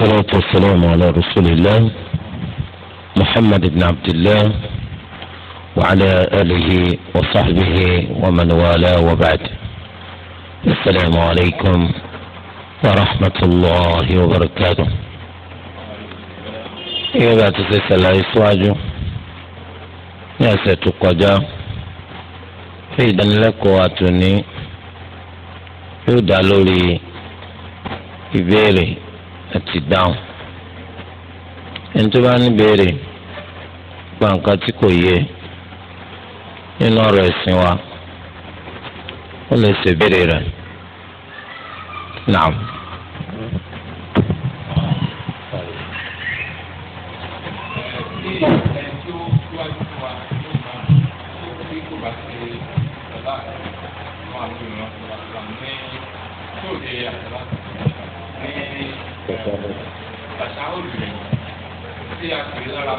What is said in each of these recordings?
والصلاة والسلام على رسول الله محمد بن عبد الله وعلى آله وصحبه ومن والاه وبعد السلام عليكم ورحمة الله وبركاته إيه بعد تسلسل إسواجه يا ستقجا في دنلك واتني يدعى لي ẹ ti dáhùn ntoma tó bá ní béèrè gba nǹkan tí kò yé nínú ọ̀rọ̀ na wa ó lè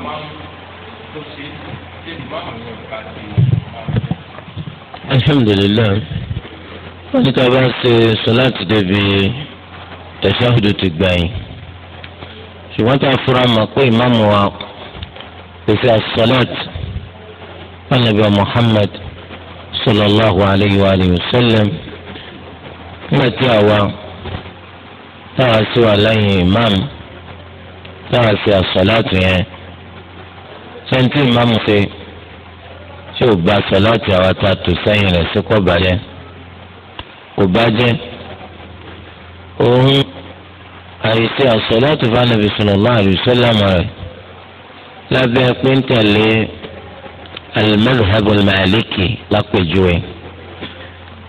máa ń tó ṣe ṣé ìmáàmù ní ọ̀gá ti máa ń bẹ̀. alhamdulilayi wọ́n ní ká bá ṣe sọ́láàtì débi tẹ̀síwájú ti gbẹ̀yìn ṣùgbọ́n tá a fura mọ̀ pé ìmáàmù wa pèsè àṣọláàtì wọn nàbí wa Muhammad sallallahu alayhi wa alihi wa sallam nígbà tí àwa táwa sí wa lẹ́yìn ìmáàmù táwa sí àṣọláàtì yẹn sẹ́ńtì ìmáàmù ṣe tí ò gba sọ̀láàtì àwa ta tò sẹ́yìn rẹ̀ sí kò bàjẹ́ kò bàjẹ́ òun àyèsí àsọ̀láàtì fanabi sallallahu alaihi rẹ̀ lábẹ́ píntẹ̀lé al-madhhab al-maliki lápèjúwe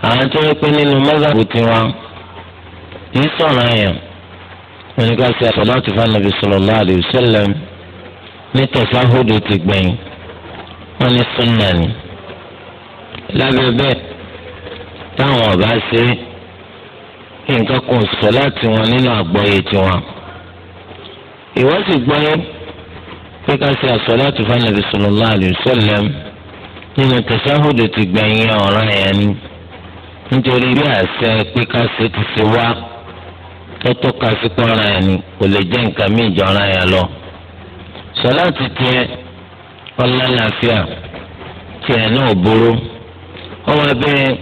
àwọn tó ń pín nínú mọ́sàbù tiwọn yìí sọ̀rọ̀ àyàn wọn ni ká ṣe àsọ̀láàtì fanabi sallallahu alaihi ní tẹ̀sáhódù ti gbẹ̀yìn wọ́n ní ni lábẹ́ táwọn ọba ṣe nǹkan kan sọ wọn nínú àgbọ́yé tiwọn ìwọ́n sì gbọ́yé pé ká ṣe àsọ̀láàtù fánàbí sallallahu alaihi wasallam nínú ti gbẹ̀yìn ọ̀ràn ya ni nítorí bí àṣẹ pé ká ṣe ti ṣe wá ni kò lè jẹ́ nǹkan mí ìjọra lọ. sọláàtì tiẹ̀ ọlọ́láfíà tiẹ̀ náà burú ó wá bẹ́ẹ̀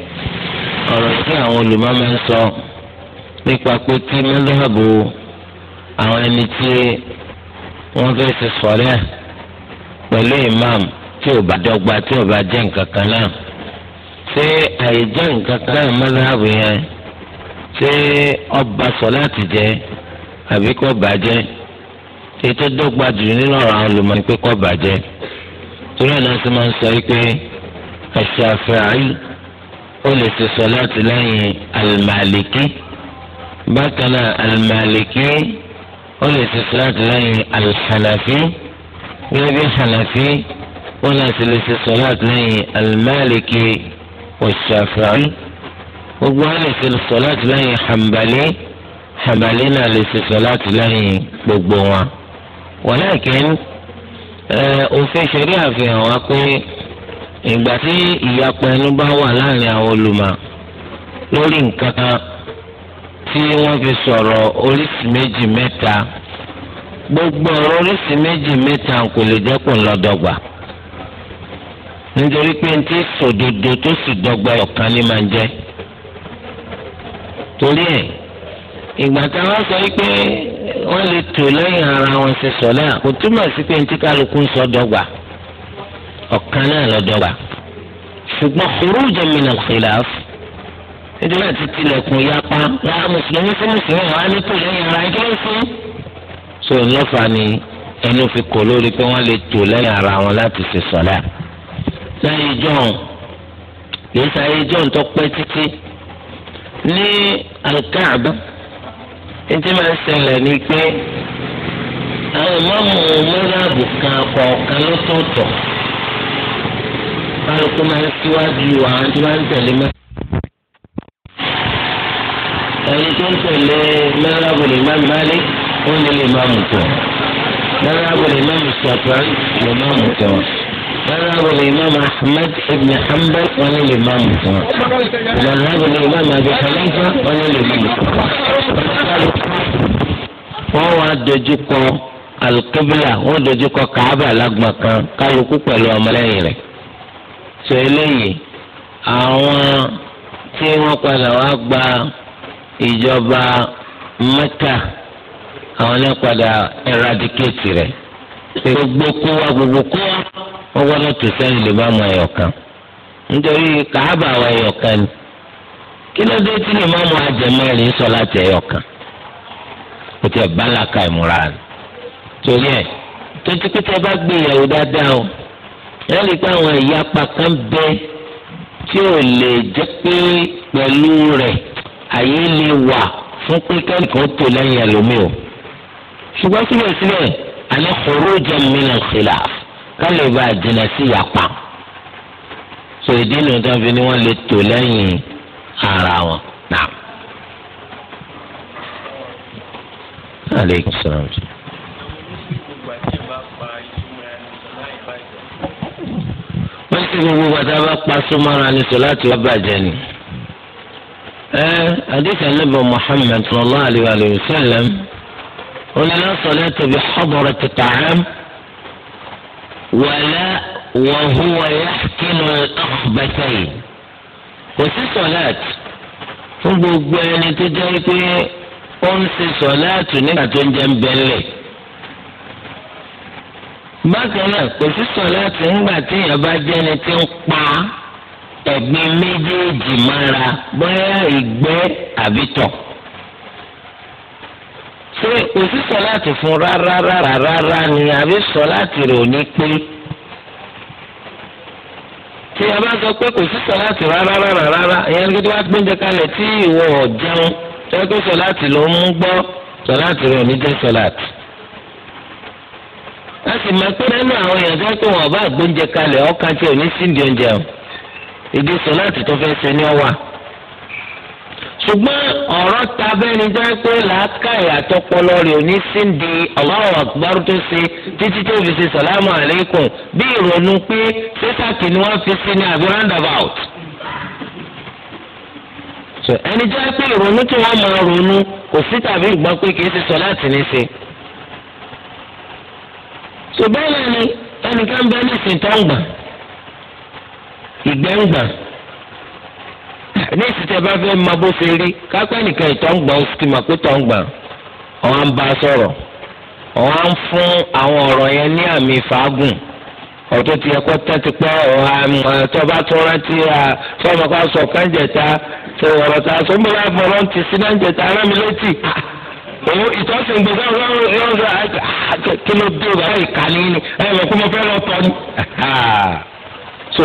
ọ̀rọ̀ tí àwọn olùmọ̀ máa ń sọ nípa pé tí mẹ́lẹ́hàbù àwọn ẹni tí wọ́n fẹ́ ṣe sọ̀rẹ́ pẹ̀lú imam tí ò bá dọ́gba tí ò bá jẹ́ nǹkan kan náà ṣé àìjẹ́ nǹkan kan náà mẹ́lẹ́hàbù yẹn ṣé ọba sọ̀láàtì jẹ́ àbí kò bàjẹ́ ètò dọ́gba jù nínú ọ̀rọ̀ àwọn olùmọ̀ pé kọ́ bàjẹ́ torí ẹ̀ náà sì máa ń sọ pé ẹ̀ṣẹ̀ àfẹ́àyí ó lè ṣe sọ láti lẹ́yìn àlùmàlìkí bákan náà àlùmàlìkí ó lè ṣe sọ láti lẹ́yìn àlùhànàfí gẹ́gẹ́ bí hànàfí ó náà sì lè ṣe sọ láti lẹ́yìn àlùmàlìkí ọ̀ṣàfẹ́àyí gbogbo wọn lè ṣe sọ láti lẹ́yìn hànbàlí hànbàlí náà lè ṣe sọ láti lẹ́yìn gbogbo wọn walakin òfin ṣẹ̀rí àfihàn wa pé ìgbà tí ìyapa ẹnu bá wà láàrin àwọn olùmọ̀ lórí nǹkan kan tí wọ́n fi sọ̀rọ̀ oríṣi méjì mẹ́ta gbogbo ọ̀rọ̀ oríṣi méjì mẹ́ta kò lè jẹ́kùn lọ́dọ̀gba nítorí pé n ti sòdodo tó sì dọ́gba ọ̀kan ní máa ń jẹ́ torí ẹ̀ ìgbà táwọn sọ pé wọ́n lè tò lẹ́yìn ara wọn ṣe sọ̀lá kò túmọ̀ sí pé ntí kálukú ń sọ dọ́gba ọ̀kan náà lọ dọ́gba ṣùgbọ́n khuruj min al-khilaf nítorí àti tilẹ̀kùn yapa lára mùsùlùmí sí mùsùlùmí wọn á ní tò lẹ́yìn ara ẹjọ́ sí. so ńlọ́fà ni ẹnu fi kò lórí pé wọ́n lè tò lẹ́yìn ara wọn láti ṣe sọ̀lá lẹ́yìn ìjọ́un kì í sáyé ìjọ́un tó pẹ́ títí ní al ntí máa ń ṣẹlẹ̀ ni pé àwọn mọ́mú mọ́láàbù kan kọ̀ọ̀kan lọ́tọ̀ọ̀tọ̀ kálukú máa ń síwájú àwọn tí wọ́n ń tẹ̀lé mọ́. ẹni tó ń tẹ̀lé mọ́láàbù lè má málé ó ní lè má mú tọ̀ mọ́láàbù lè má mú sọ̀tọ̀ lè má mú tọ̀ mọ́láàbù lè má mú Ahmed ibn Hanbal wọ́n ní lè má mú tọ̀ mọ́láàbù lè má mú Abu Hanifa wọ́n ní lè má mú tọ̀. dojúkọ alukébílà wọ́n dojúkọ kaaba lágbọ̀n kan kálukú pẹ̀lú ọmọlẹ́yìn rẹ̀ sọ eléyìí àwọn tí wọ́n padà wá gba ìjọba mẹ́kà àwọn náà padà eradicate rẹ̀ gbogbo kó wa gbogbo kó wa wọ́n gbọ́dọ̀ tó lè bá nítorí ni kí kò tí ẹ bá làkà ìmúra rẹ̀ torí ẹ tètè pété bá gbé ìyàwó dáadáa o ẹ rí i pé àwọn ẹ̀yà pàkán bẹ tí ò lè jẹ́ pé pẹ̀lú rẹ̀ àyè lè wà fún pé kẹ́nìkan tó lẹ́yìn ẹlòmíì o ṣùgbọ́n síbẹ̀síbẹ̀ àní khurujan min al-khilaf ká lè bá àjìnà sí ìyàpá so ìdí nìkan fi ni wọ́n lè tò lẹ́yìn ara wọn náà. aleykum salaam. wọ́n ti gbogbo gbàdá bá pa súnmọ́ra ní sọ láti wá bàjẹ́ ni. ẹ adéka nebo muhammed sallallahu alayhi wa sallam onílà sọlẹ tóbi xọbọrọ ti tàcám wàlá wàhùwà yàtìlù ọ̀bẹ̀tẹ̀yì. kò sí sọlẹ fún gbogbo ẹni tó jẹ́ pé ó ń ṣe sọ̀láàtù nígbà tó ń jẹ́ ń bẹ́lẹ̀ bákan náà kò sí sọ̀láàtù nígbà tí èèyàn bá jẹ́ni tí ń pa ẹ̀gbin méjèèjì mára bóyá ìgbẹ́ àbí tọ̀ ṣé kò sí sọ̀láàtù fún rárá rárá rárá ni àbí sọ̀láàtù rẹ̀ ò ní pé tí a bá sọ pé kò sí sọ̀láàtù rárá rárá rárá ìyẹn ló dé wá gbóúnjẹ kalẹ̀ tí ìwọ ọ̀ jẹun tẹ́gbẹ́ sọ̀láàtì ló ń gbọ́ sọ̀láàtì rẹ̀ ní jẹ́ sọ̀láàtì. láti máa pé nínú àwọn èèyàn tó pé wọn bá gbóúnjẹ kalẹ̀ ọkàn tí ò ní síndìí oúnjẹ o ìdí sọ̀láàtì tó fẹ́ ṣe ni ọ wà. ṣùgbọ́n ọ̀rọ̀ ta bẹ́ni jẹ́ pé làákàyè àtọpọlọ rẹ̀ ò ní síndìí Allahu Akbar tó ṣe títí tó fi ṣe sàlámù àlékún bí ìrònú pé ṣé ni wọ́n fi sí ní àbí roundabout so ẹni jẹ́ pé ìrònú tí wọ́n máa ronú kò sí tàbí ìgbọ́n pé kìí ṣe sọ láti ní ṣe. so bẹ́ẹ̀ náà ni ẹnìkan bẹ́ẹ̀ ní ìsìntọ́ ń gbà ìgbẹ́ ń gbà ní ìsìtẹ́ bá fẹ́ máa bó ṣe rí kápẹ́ nìkan ìtọ́ ń gbà ó sì ti pé tọ́ ń gbà ọ̀hún bá sọ̀rọ̀ ọ̀hún fún àwọn ọ̀rọ̀ yẹn ní àmì fàágùn ọ̀tún ti ẹ̀kọ́ tán ti pẹ́ ọ̀hán tó bá tún rántí fọ́ọ̀mù kan sọ kánjẹ̀ta tó ọ̀rọ̀ ta sọ mbọ́lá fọ̀rọ̀ ti sí kánjẹ̀ta ará mi létí. òun ìtọ́sìn gbogbo ọ̀rọ̀ yọ̀ọ̀rọ̀ kí ló dé ọ̀rọ̀ ìkàlí ni ẹ̀ mọ̀ kó mo fẹ́ lọ tọ́ ni. so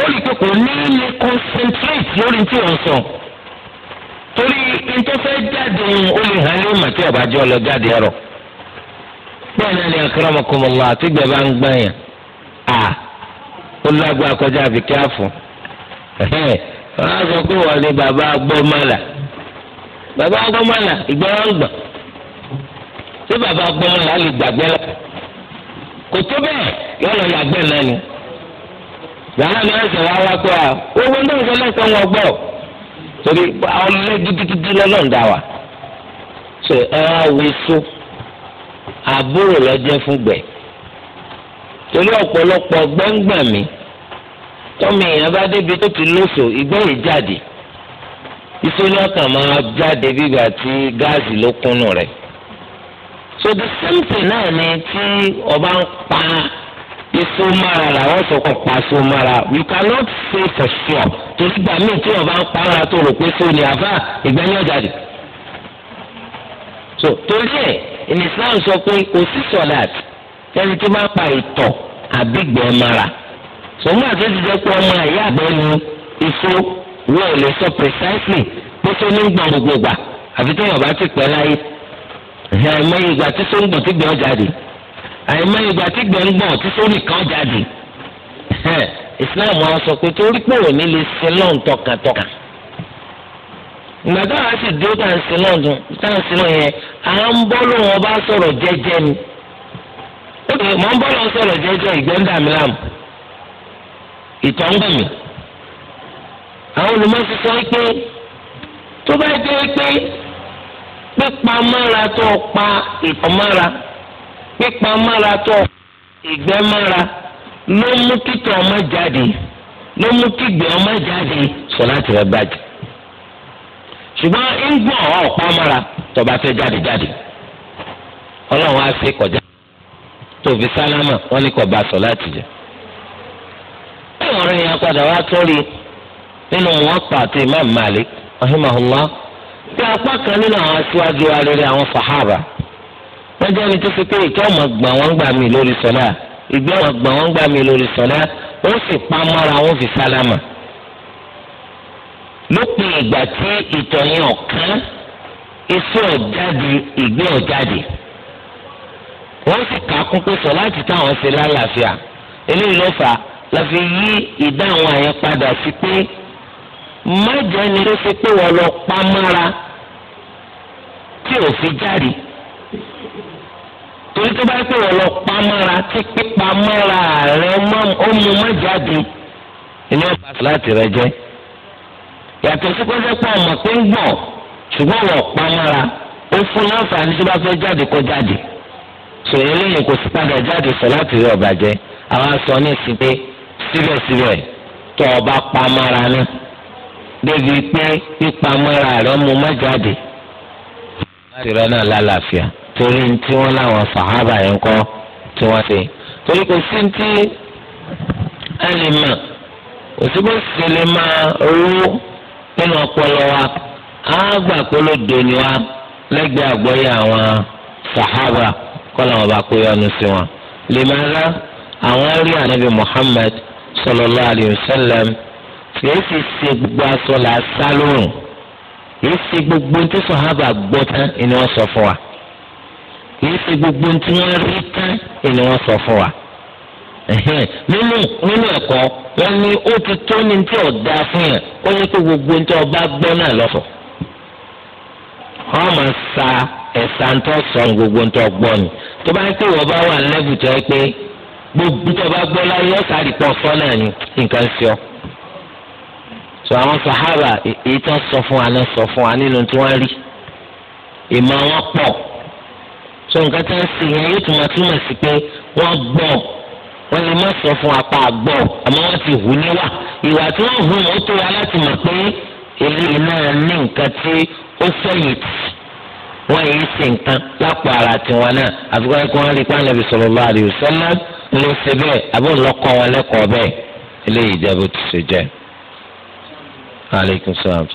ó rí i pé kò ní lè concentrate lórí tí wọ́n sọ torí ìtọ́fẹ́ jáde ó lè hàn ní màtí ọ̀bàjọ́ lọ jáde ẹ̀rọ bẹ́ẹ̀ ni àkàrà ọmọkùnrin àti ìgbẹ́ bá ń gbẹ̀yàn à ó lágbára kọjá àfikẹ́ àfọ̀ wọ́n á sọ pé wọ́n ní bàbá gbọ́mọ́là bàbá gbọ́mọ́là ìgbà wọn gbà ṣé bàbá gbọ́mọ́là lè gbàgbẹ́ lọ kò tó bẹ́ẹ̀ yọ lọ yàgbẹ́ náà ni yàrá mi ẹsẹ̀ wá wá pé owó náà sọ lẹ́sẹ̀ wọn gbọ́ torí ọlẹ́ gidigidi lọ́nà dá wa ṣe ẹ wá wo so àbúrò lọ́jẹ́ fún gbẹ̀ẹ́ torí ọ̀pọ̀lọpọ̀ gbọ́ngbàmí tọ́mọ èèyàn bá débi tó ti lóṣò ìgbẹ́ yìí jáde ìsọ́ni ọkàn máa jáde bígbà tí gáàsì ló kúnnù rẹ̀ so the same thing náà ni tí ọba ń pa iṣu mára làwọn sọkàn pa iṣu mara, you cannot say for sure torí gbà míì tí ọba ń pa ara tó rò pé iṣu ni àbá ìgbẹ́ yẹn jáde so torí ẹ̀ ìnìsàn sọ pé kò sí sọ̀láàtì. ẹni bá pa ìtọ̀ àbígbẹ́ mara sọmọ àti ti jẹ́ pé ọmọ ẹ̀yà àgbẹ̀nu ifo wọ́n ò lè sọ precisely pé tó ní gbọ̀ngbò àfi tó yàn bá ti pẹ́ láyé àìmọye ìgbà tí tó ń gbọ̀n tí gbẹ́ ọ jáde àìmọye ìgbà tí gbẹ́ ń tí tó nìkan sọ pé torí pé òní lè ṣe lọ́n ìgbà sì dúró ṣe lọ́n ṣe lọ́n yẹn à ó ní mọ̀ ń bọ́ lọ sọ̀rọ̀ jẹ́jẹ́ ìgbẹ́ńdà mi láàmú ìtọ̀ ń gbọ̀n mi. àwọn olùmọ̀ọ́sí sọ pé tó bá jẹ́ pé pípa mára tó pa ìtọ̀ mára pípa mára tó ìgbẹ́ mára ló mú títọ̀ ọmọ jáde ló mú kígbẹ́ ọmọ jáde sọ láti rẹ bàjẹ́ ṣùgbọ́n ń gbọ̀n ọ̀pá mára tó bá fẹ́ jáde jáde ọlọ́run á fi kọjá tòfi sálámà wọn ní kò bá sọ láti jẹ. báwọn ọ̀rẹ́ yẹn padà wá sórí nínú wọn pa àti Malik rahimahullah bí apá kan nínú àwọn aṣíwájú wa rere àwọn sàhábà wọ́n ni ẹni tó fi pé ìtọ́ ọmọ gbọ̀n wọ́n gbà mí lórí sọ́lá ìgbẹ́ ọmọ gbọ̀n wọ́n gbà mí lórí sọ́lá wọ́n sì pa mọ́ra wọ́n fi sálámà. lópin ìgbà tí ìtọ̀ ọ̀kan iṣẹ́ ọ̀jáde ìgbẹ́ ọ̀jáde wọ́n sì kà á kún pé sọ láti táwọn ṣe lálàáfíà eléyìí ló fà á la fi yí ìdáhùn àyẹn padà sí pé mọ́jẹ́ ni ló ṣe pé wọ́n lọ pa mọ́ra tí ò fi jáde torí tó bá pé wọ́n lọ pa mọ́ra tí pípa mọ́ra rẹ̀ ó mú mọ́jáde ilé ọ̀pá láti rẹ jẹ́ yàtọ̀ sí pẹ́sẹ́pọ̀ ọmọ pé ń gbọ̀n ṣùgbọ́n wọ́n pa mọ́ra ó fún láǹfààní tó bá fẹ́ jáde kó jáde. sòrò eléyìí kò sí padà jáde sọ láti rí ọ̀bàjẹ́ àwọn sọ ní ìsìn pé síbẹ̀síbẹ̀ tó ọba pamọ́ra náà débi pé pípamọ́ra rẹ̀ mú má jáde. láti rẹ náà lálàáfíà torí tí wọ́n láwọn sàhábà yẹn kọ́ tí wọ́n ṣe torí kò sí ti ẹ lè sì lè máa rú nínú ọpọlọ wa á gbà pé kọ́lá wọn bá kó yọnu sí wọn. lèmọ́lá àwọn rí ànábì Muhammad sallallahu alayhi wa sallam kìí sì ṣe gbogbo aṣọ là á sá lóhùn kìí ṣe gbogbo tí sọ̀hábà gbọ́ tán ni wọ́n sọ fún wa kìí ṣe gbogbo tí wọ́n rí tán ni wọ́n sọ fún wa. nínú nínú ẹ̀kọ́ wọ́n ní ó ti tó ní tí ò dáa fún yẹn ó ní kó gbogbo tí ọba gbọ́ náà lọ́sọ̀ọ́. wọ́n máa sa ẹ̀sán tó sọ ní gbogbo tó gbọ́ ni tó bá ń pè wọ́n bá wà lẹ́bù tó yẹ pé gbogbo tó bá gbọ́ láyé ọ̀sán àdìpọ̀ sọ náà ni nǹkan sí ọ. sọ àwọn sahaba èyí tó sọ fún wa náà sọ fún wa nínú tí wọ́n rí ìmọ̀ wọn pọ̀ sọ nǹkan tó ń sè yẹn yóò túmọ̀ túmọ̀ sí pé wọ́n gbọ́ wọ́n lè má sọ fún apá àgbọ̀ àmọ́ wọ́n ti hù níwà ìwà tí wọ́n hù wọ́n tó wa láti mọ̀ pé eléyìí náà ní nǹkan tí ó fẹ̀yìntì wọn yìí ṣe nǹkan lápò ara tiwọn náà àfikún ẹkọ wọn rí pàǹdà bí sallallahu alaihi wasallam ló ṣe bẹ́ẹ̀ àbọ̀ lọkọ wọn lẹ́kọ̀ọ́ bẹ́ẹ̀ eléyìí jẹ bó ti ṣe jẹ. aleykum salaam.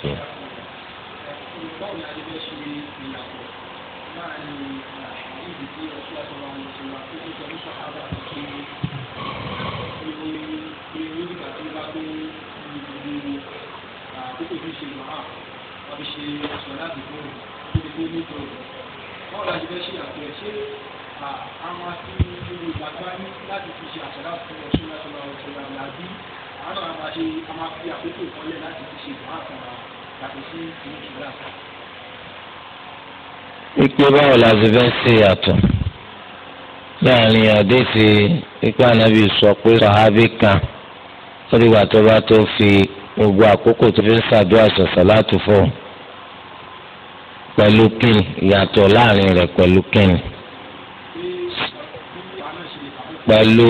gbé nígbà rẹ̀ bọ́ọ̀lù àjẹbẹ́ ṣe àgbẹ̀ ṣé àwọn àti ìlú ìgbàgbá ní láti fi ṣe àṣàrà fún ọ̀ṣun láti máa ọ̀ṣun ra làbí àwọn àwọn àṣe a máa fi àkókò ìkọ́lẹ̀ láti fi ṣe ìgbà kan yàtọ̀ sí ìlú ìṣúra. ike báwo la ṣe fẹ́ ṣe yàtọ̀ láàrin àdéhìí ipa ànábì sọ pé sọ̀hábì kan ó dìgbà tó bá tó fi gbogbo àkókò tó fi ń ṣàdúrà ṣọ̀ṣọ̀ láti fọ́ pẹ̀lú kíni ìyàtọ̀ láàrin rẹ̀ pẹ̀lú kíni pẹ̀lú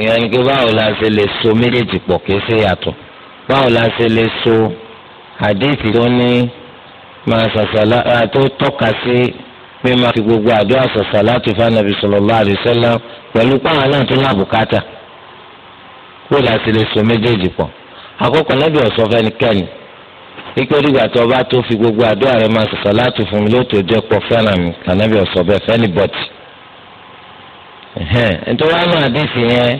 ìyẹn ni pé báwo la ṣe lè so méjèèjì pọ̀ kìí ṣe yàtọ̀ báwo la ṣe lè so àdéhìí tó ní máa ṣàṣàlá tó tọ́ka sí pé máa fi gbogbo àdó àṣàṣàlá tó fún anabi sallallahu alaihi pẹ̀lú páwọn náà tó lábùkátà bó la ṣe lè so méjèèjì pọ̀ àkọ́kọ́ náà bí ọ̀sọ́ fẹ́nikẹ́ni ikpe dìgbà tó bá tó fi gbogbo àdúrà rẹ máa sọ̀sọ̀ láti fún mi lóòótọ́ jẹ́ pọ̀ fẹ́ràn mi kànábì ọ̀sọ̀ bẹ́ẹ̀ fẹ́ni bọ̀tì. nítorí àdìsí yẹn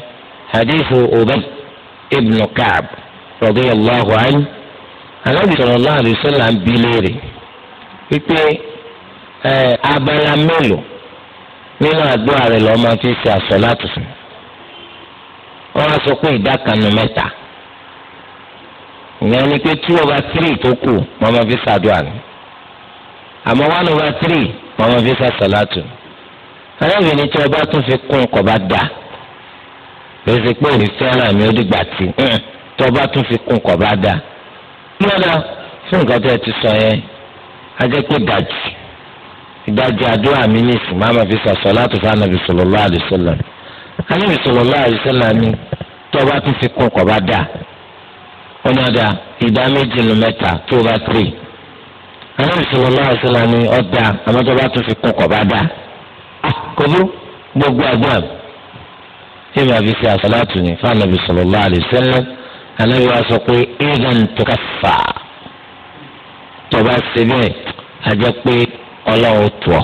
àdìsí Ubay ibn Ka'b radiyallahu anhu anábì sallallahu alaihi wasallam ń bi léèrè wípé abala mélòó nínú àdúrà rẹ lọ́ọ́ máa fi ṣe àsọ̀ láti fún un. wọ́n á sọ pé ìdá kanu mẹ́ta ìyẹn ni pé two over three tó kù wọ́n máa fi ṣàdúrà ni àmọ́ one over three wọ́n máa fi ṣàṣàlátù ni tí ọba tún fi kún kọ́ bá dà lóṣù pé òní fẹ́ràn mi ó dìgbà tí tí ọba tún fi kún kọ́ bá dà lọ́dà fún nǹkan tó ẹ ti sọ yẹn a pé dàjì ìdajì àdúrà mi ní ìsìn máa fi ṣàṣàlátù fún anabi sallallahu alaihi wasallam anabi sallallahu ni tí ọba tún fi kún kọ́ bá dà wọn ọ̀dà ìdá méjì nù mẹ́ta tó bá tiri àwọn ìṣòro náà ṣọlá ni ọ̀dà àmọ́ tó bá tún fi kún kọ̀ bá dà ah, kọ́bú gbogbo àgbà tí màá fi ṣe àṣàlátù ní fún ànàbì sallallahu alaihi wasallam ànàbì wa sọ pé ìdán tó ká fà á tó bá ṣe bẹ́ẹ̀ a jẹ́ pé ọlọ́run tù ọ́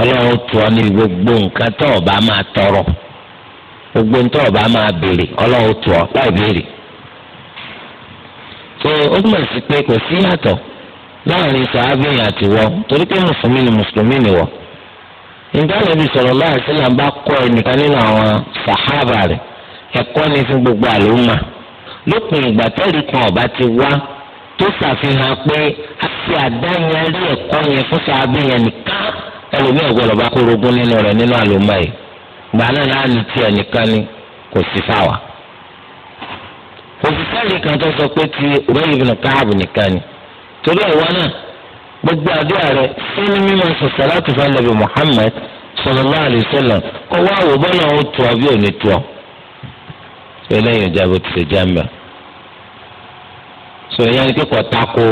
ọlọ́run tù ọ́ ní gbogbo nǹkan tó o máa tọrọ. gbogbo ntọ́ ọba máa béèrè ọlọ́run tù ọ́ láì béèrè. ṣé ó túmọ̀ sí pé kò sí yàtọ̀ láàrin sàábìyàn àti wọ torí pé mùsùlùmí ni mùsùlùmí ni wọ. ìdáhùn ibi sọ̀rọ̀ láàrin sílẹ̀ ń bá kọ́ ẹnìkan nínú àwọn sàhábà rẹ̀ ẹ̀kọ́ gbogbo àlùmà. lópin ìgbà kan ọba ti wá tó ṣàfihàn pé a ti rí ẹ̀kọ́ yẹn fún nìkan ẹlòmíì nínú rẹ̀ nínú àlùmà yìí. gbà náà láàánú tí ẹnìkan ni kò sí fáwa òṣìṣẹ́ nìkan tó sọ pé ti Ubay ibn Ka'b nìkan ni torí ẹ̀wọ́ náà gbogbo àdúrà rẹ sínú mímọ sọ̀sọ̀ láti fẹ́ lẹ́bi Muhammad sallallahu alaihi wasallam kọ́ wá wò bọ́lá òun tu ọ bí ò ní tu ọ eléyìí ìjà bó ti ṣe já mbà sọ yẹn ni kíkọ tako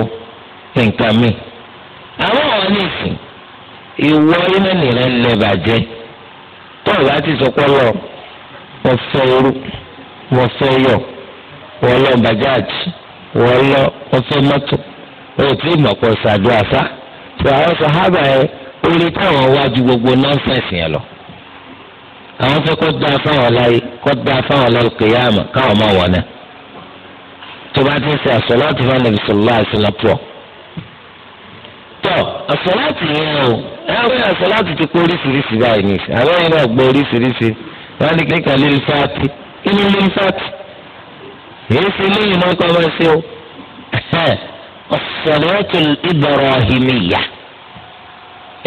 nǹkan mi àwọn ọ̀nà ìsìn ìwọ iná nìrẹ́ lẹ́bàjẹ́ tó o bá ti sọ pé lọ wọ́n fẹ́ irú wọ́n fẹ́ yọ̀ wọ́n lọ bajaj wọ́n lọ wọ́n fẹ́ mọ́tò wọ́n ti mọ̀ pọ̀ ṣàdúrà sá tó àwọn sàhábà yẹn orí táwọn wájú gbogbo nọ́ọ̀sẹ̀sì yẹn lọ àwọn fẹ́ kọ́ da fáwọn láyé kọ́ da fáwọn láyé kìyàmà káwọn máa wọ̀ náà tó bá ti ṣe àṣọ láti fún ànàbìsọ̀lá àṣìlá pọ̀ tọ àsọláàtì yẹn o ẹ̀rọ àsọláàtì ti kó oríṣiríṣi báyìí ní ìsìn àbẹ́ yẹn náà gbọ́ oríṣiríṣi wọ́n á ní kíkà lílì fáàtì kí ni lílì fáàtì èyí ṣe léyìn náà kọ́ máa ṣe o ọ̀sọ̀láàtì Ibrahimiyya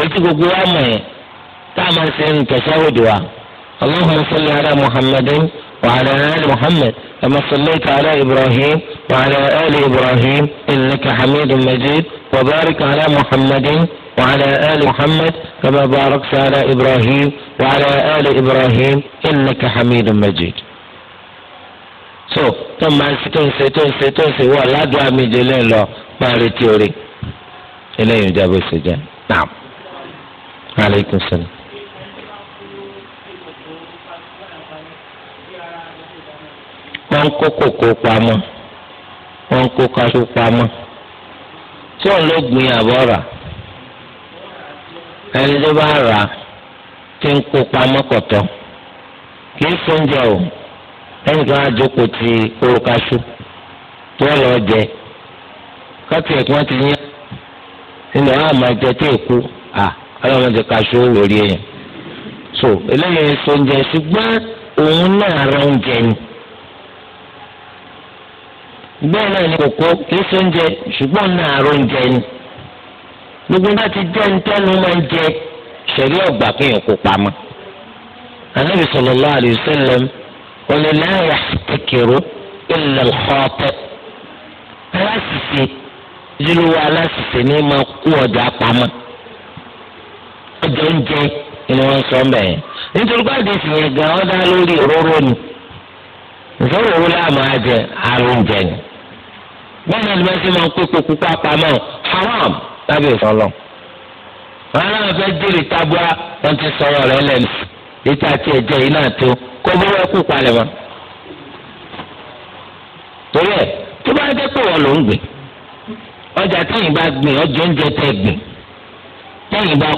etí gbogbo wa mọ̀ yẹn tá a máa ṣe ń tẹ̀síwájú wa Allahumma salli ala Muhammadin wa ala ali كما صليت على إبراهيم وعلى آل إبراهيم إنك حميد مجيد وبارك على محمد وعلى آل محمد كما باركت على إبراهيم وعلى آل إبراهيم إنك حميد مجيد so tó máa ṣe tó ń لا tó ń ṣe tó ń ṣe wọ́n ládùá نعم عليكم السلام wọ́n ń kó kòkó pamọ́ wọ́n ń kó kaṣú pamọ́ tí òun ló gbìn àbọ̀ rà ẹni tó bá rà tí ń kó pamọ́ kọ̀tọ́ kì í fún oúnjẹ o ẹnì kan á jókòó ti kóró kaṣú tó lọ jẹ káàtì ẹ̀kọ́ ti yẹn nílò àwọn àmàjẹ tó èkó à ọlọ́mọdé kaṣú lórí ẹ̀yàn so eléyìí ń sọ oúnjẹ ṣùgbọ́n òun náà ra oúnjẹ ni. bẹ́ẹ̀ náà ni kòkó kìí ṣe oúnjẹ ṣùgbọ́n náà àrò oúnjẹ ni gbogbo náà ti jẹ́ ntẹ́nu máa ń jẹ ṣẹ̀rí ọ̀gbà anabi aláṣìṣe aláṣìṣe ní máa kú ọjà pamọ́ oúnjẹ ni wọ́n sọ nítorí báyìí sì yẹn gan ọ́ dá lórí òróró ni bẹ́ẹ̀ náà ni wọ́n ti máa kókó haram lábẹ́ ìfọlọ́. wọn náà tabua wọn ti sọ̀rọ̀ rẹ lẹ́nu ètò àti ẹ̀jẹ̀ yìí náà tó kó bó kú torí tó bá ń gbìn ọjà bá gbìn oúnjẹ gbìn bá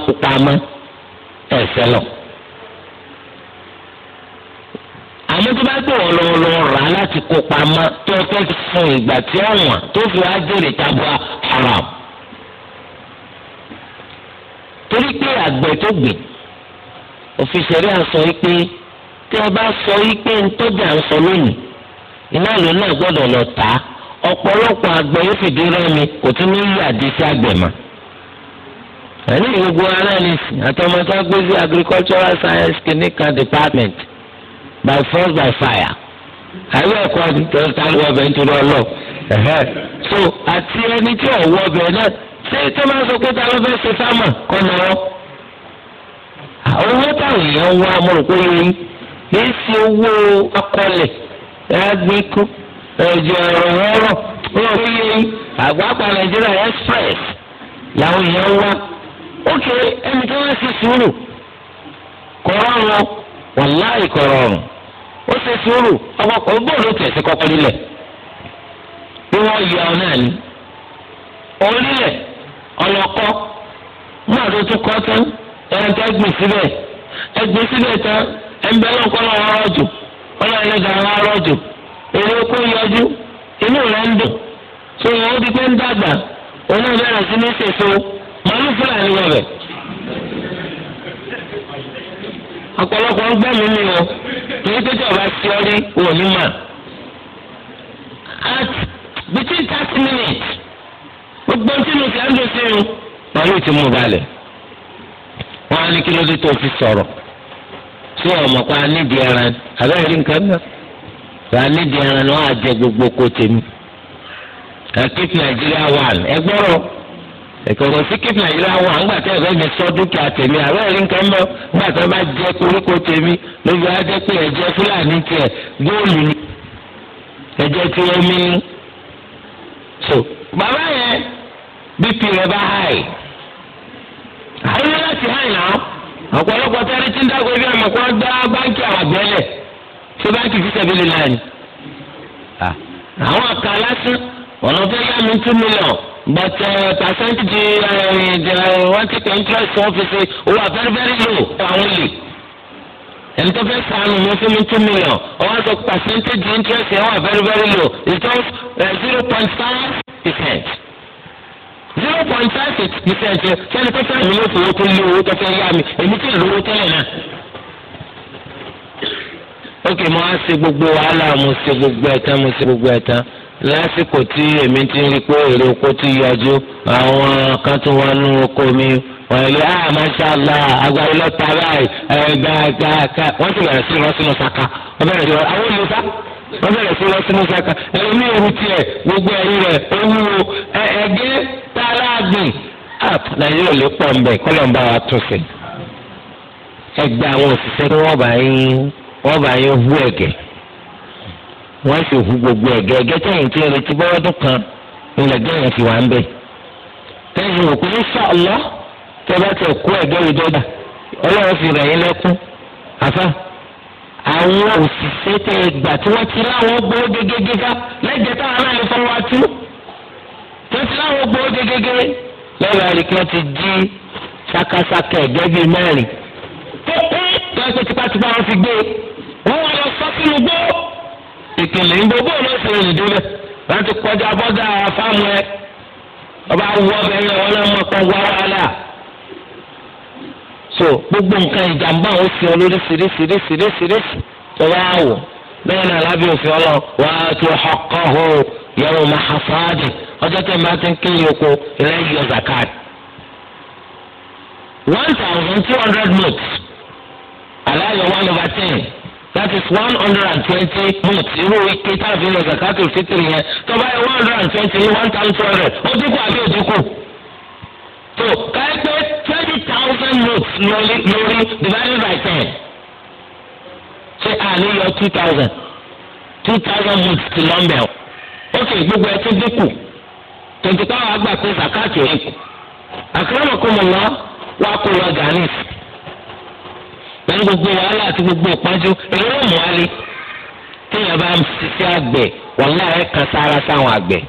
àmọ́ tó bá gbé wọn lọ lọ rà á láti kó pamọ́ tó fẹ́ fún ìgbà tí ọ̀wọ́n tó fi wá jèrè tabua haram. torí pé àgbẹ̀ tó gbìn òfin ṣẹ̀rí àsọ yìí pé tí a bá sọ yìí pé ntọ́jà ń sọ lónìí iná ìlú náà gbọ́dọ̀ lọ tà á ọ̀pọ̀lọpọ̀ àgbẹ̀ yóò fìdí rẹ́mi kò tún ní yí àdé sí àgbẹ̀ mọ́. ẹ̀rí gbogbo analyst àtọmọtá gbé sí agricultural science clinical department by force by fire àyẹ̀wò ẹ̀kọ́ tẹ̀sán wọ ọbẹ̀ nítorí ọlọ́ so àti ẹni tí ọ̀wọ́ ọbẹ̀ náà ṣé tó máa sọ pé ta ló fẹ́ ṣe sámà kọ́ náà owó táwọn èèyàn wá amúròkó yẹn yìí ṣe owó akọlẹ̀ ẹgbẹ́kú ẹ̀jẹ̀ ọ̀rọ̀ wọ́rọ̀ owó yẹn àgbàpá nàìjíríà express làwọn èèyàn wá ókè ẹni tó wá sí sùúrù kọ̀ọ̀rọ̀ wàláì kọ̀ọ̀rọ̀ ó ṣe sùúrù ọmọkùnrin bóòlù kọ́kọ́ lílẹ̀ bí wọ́n ọ náà ni orílẹ̀ ọlọ́kọ́ náà ló tún kọ́ tán gbìn síbẹ̀ síbẹ̀ tán náà kọ́ lọ́wọ́ ọlọ́run èrè oko yọjú inú rẹ̀ ń dùn tó wọ́n ọ̀pọ̀lọpọ̀ ń gbẹ́mìí mi o torí pé tí ọba ti ọrí wò ní mà. at between thirty minutes gbogbo tí mo kàn ń lò sí o màálù ti mú balẹ̀ wọ́n á ní kí ló dé tó fi sọ̀rọ̀ tí ọmọ pa nídìí ẹran àbẹ́rẹ́ rí nǹkan náà wà nídìí ẹran náà á jẹ gbogbo kó tèmi. I keep Nigeria one. Ẹ ìkọ̀rọ̀ sí kí nàìjíríà wà ńgbà tí ẹ̀fẹ́ mi sọ dúkìá tèmi àbẹ́ rí nǹkan mọ́ ńgbà tí wọ́n bá jẹ koríko tèmi lóbi wá jẹ́ pé ẹ̀jẹ̀ fúlàní tiẹ̀ góòlù ni ẹ̀jẹ̀ tí mí so bàbá yẹn bp rẹ bá háì àyè láti háì náà ọ̀pọ̀lọpọ̀ tí ń bí but uh, percentage uh, uh, wọ́n interest wọ́n fi ṣe owó à very very low àwọn olè ẹni tó fẹ́ sànù mi fún mi two million ọwọ́ sọ percentage interest yẹn wà very very low it's just zero point five percent zero point five percent sẹ́ni tó fẹ́ mi ló fi owó tó lé owó tó fẹ́ yá mi èmi tí ì lówó tẹ́lẹ̀ náà ok mo á ṣe gbogbo wàhálà mo ṣe gbogbo ẹ̀ tán mo ṣe gbogbo ẹ̀ tán. lásìkò tí èmi ti ń rí pé èrè oko ti yọjú àwọn kan tún wá nú oko mi wọ́n yẹ ah mashala agbára lọ́ta báyìí wọ́n ti bẹ̀rẹ̀ sí lọ́sínú saka wọ́n bẹ̀rẹ̀ sí àwọn wọ́n bẹ̀rẹ̀ sí lọ́sínú saka ẹ̀mí ẹ̀rù tiẹ̀ gbogbo ẹ̀rù rẹ̀ ẹ̀ẹ́gẹ́ tálágùn app ah, nàìjíríà lè pọ̀ ń wọ́n sì hu gbogbo ẹ̀gẹ́ ẹ̀gẹ́ tẹ̀yìn tí ń retí bọ́wọ́dún kan ńlẹ̀gẹ́ yẹn fi wá ń bẹ̀. tẹ̀yìn òkú ní sàlọ́ tẹ́ bá tẹ̀ kó ẹ̀gẹ́ yìí dọ́jà ọlọ́run fi rẹ̀ yín lẹ́kún àfa. àwọn òṣìṣẹ́ tẹ ìgbà tí wọ́n ti láwọn gbowó gégége ká lẹ́jẹ̀ táwọn náà lè fọwọ́ atú. tẹ́ ti láwọn gbowó gégége lọ́wọ́ àríkẹ́ ti di sákásáká ẹ̀gẹ́ bíi mẹ́rin. tó kú tó ìkìlẹ̀ ń gbogbo ọ̀nà ṣe olùdó bẹ̀ láti kọjá bọ́dà fáàmù ẹ ọba wọ ọbẹ̀ yẹn wọn náà mọ̀ wá so gbogbo nǹkan ìjàmbá ò sí ọ lórí ṣiríṣiríṣiríṣiríṣi tó bá wò lẹ́yìn náà lábẹ́ òfin ọlọ wà á tó haqqahu yawma hasadi ọjọ́ tẹ̀ máa ti ń kí one thousand two hundred notes aláyọ̀ one over ten. that is one hundred and twenty mut irú ike táàbí lọ zakatul fitiri yẹn tó bá one hundred and twenty ní one thousand two hundred ó dínkù àbí ó dínkù tó káyọ̀ pé twenty thousand mut lórí lórí divided by ten ṣé àní yọ two thousand two thousand mut ti lọ́mbẹ̀ o ok gbogbo ẹ ti dínkù tòǹtì káwọn àgbà pé zakatul yẹn kù àkàrà ọmọkùnrin lọ wà kó lọ gàánìsì. pẹ̀lú gbogbo wàhálà àti gbogbo ìpọ́njú èyí ló mú wálé téèyàn bá ń ṣiṣẹ́ àgbẹ̀ wàhálà kan sára sáwọn àgbẹ̀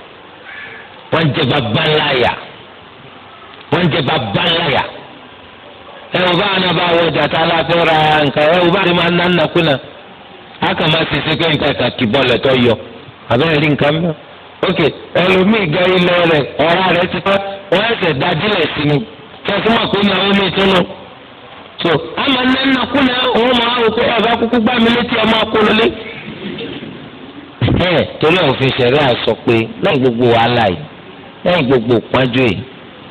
wọ́n jẹ bàbá ńlá yà wọ́n jẹ bàbá ńlá yà ẹ wò bá àná bá wọ ọjà tá a ra nǹkan ẹ wò bá ná a kàn máa ṣiṣẹ́ pé nǹkan kan kì yọ àbẹ́rẹ́ rí nǹkan mọ́ ok ẹlòmíì ọ̀rá ti fọ́ wọ́n ẹ̀sẹ̀ dájú tó ọmọ nẹ́ẹ̀nà kúnlẹ̀ òun máa wò pé ẹ̀fà kúkú gbá mi létí ọmọ akólólé. ẹ torí òfin ṣẹlẹ àsọ pé lẹ́yìn gbogbo wàhálà yìí lẹ́yìn gbogbo ìpọ́njú yìí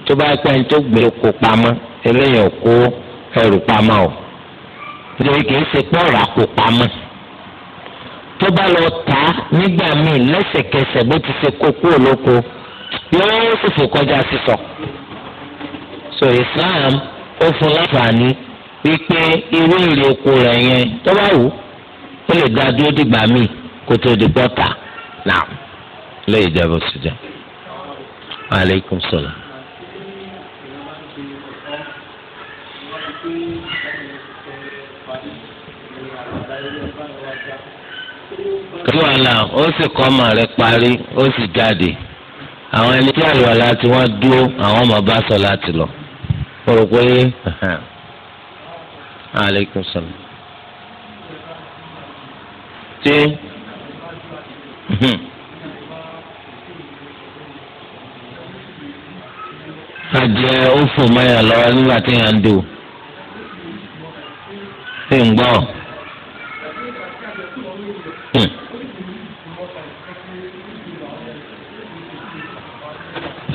tó bá pẹ́ ní tó gbé oko pamọ́ eléyìí ò kó ẹrù pamọ́ o nítorí kìí ṣe pé ọ̀rọ̀ àpò pamọ́ tó bá lọ tà á nígbà míì lẹ́sẹ̀kẹsẹ̀ bó ti ṣe kó kúrò lóko yóò sì fò kọjá sísọ. so Islam ó fún láǹfààní wípé irú èrè oko rẹ̀ yẹn tó bá wù ó lè dá dúró dìgbà míì kó tó di bọ́tà náà lè ìjọba sójà. aleykum salaam. kí wàhálà ó sì kọ́ ọmọ rẹ̀ parí ó sì jáde àwọn ẹni tí àlùwàlá tí wọ́n dúró àwọn ọmọ bá sọ láti lọ. mo rò aleykum salaam. tí àjẹ hmm. ó fò mọ́yà lọ́wọ́ nígbà tí yàn ń dò ṣé ń gbọ́. Hmm.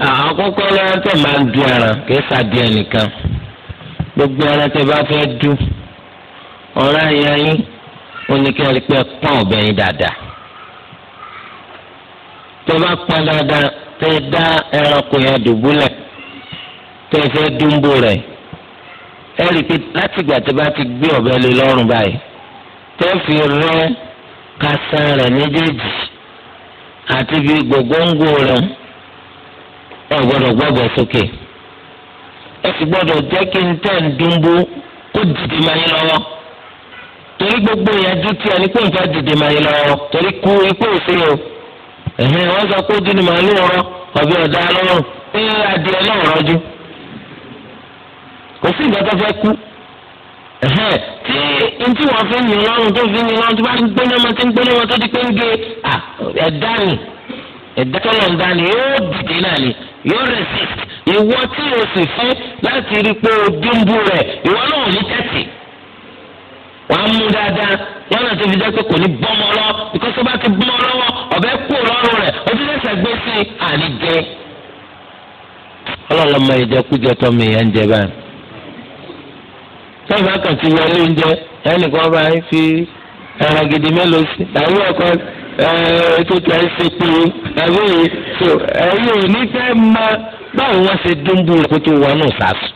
àkọ́kọ́ lọ́wọ́ tó máa ń du ara kì í sàdí ẹnìkan gbogbo ẹran tẹ́ bá fẹ́ dú ọ̀rá yẹn yín oníkẹ́rì pé pọ́n ọ̀bẹ yín dáadáa tẹ́ bá pọ́n dáadáa tẹ́ dá ẹranko yẹn dùbúlẹ̀ tẹ́ fẹ́ dúnbò rẹ̀ ẹ rí i pé látìgbà tẹ́ bá ti gbé ọ̀bẹ lé lọ́rùn báyìí tẹ́ fi rẹ́ kásán rẹ̀ méjèèjì àti bí gbogbo ń gbò rẹ̀ ẹ gbọ́dọ̀ gbọ́bọ̀ sókè. Okay ẹ sì gbọ́dọ̀ jẹ́ kí n tẹ̀ ń dúnbó kó dìde máa yín lọ́wọ́ torí gbogbo ìyànjú tí ẹni pé nǹkan dìde máa yín lọ́wọ́ torí kú ikú òsè o ẹ̀hìn wọ́n sọ pé ojú ni màá ló rọ ọ̀bẹ ọ̀dà lọ́rùn pé adìẹ náà rọ́jú kò sí nǹkan tó fẹ́ kú ẹ̀hìn tí ntí wọ́n fi yìn lọ́rùn tó fi yìn lọ́rùn tó bá ń gbóná wọn tó ń gbóná wọn tó di pé ń gé ẹ̀dá ni ẹ̀dá tó lọ́ọ̀ ń dá ni yóò dìde náà ni yóò resist ìwọ tí o sì fẹ́ láti rí pé o dúnbù rẹ̀ ìwọ náà ò ní tẹ̀sí. wàá mú dáadáa wọn náà ti fi jẹ́ pé kò ní bọ́mọ lọ bíkọ́ sọ́ba ti bọ́mọ lọ́wọ́ ọ̀bẹ kú lọ́rùn rẹ̀ ojú lẹ́sẹ̀ gbé sí àní jẹ. ọlọ́lọ́ mọ ìjẹkújẹ tọ́ mi yẹn ń jẹ báyìí. sọ́ọ̀bù akàn ti wọlé oúnjẹ ẹnìkan bá ń fi ẹ̀rọ gidi mélòó sí àwọn ọkọ̀ ètò tẹ̀ ẹ́ ṣe pé ẹ̀rí ò ní fẹ́ máa báwo wọ́n ṣe dúnbù rẹ̀ kó tó wọnú sàásù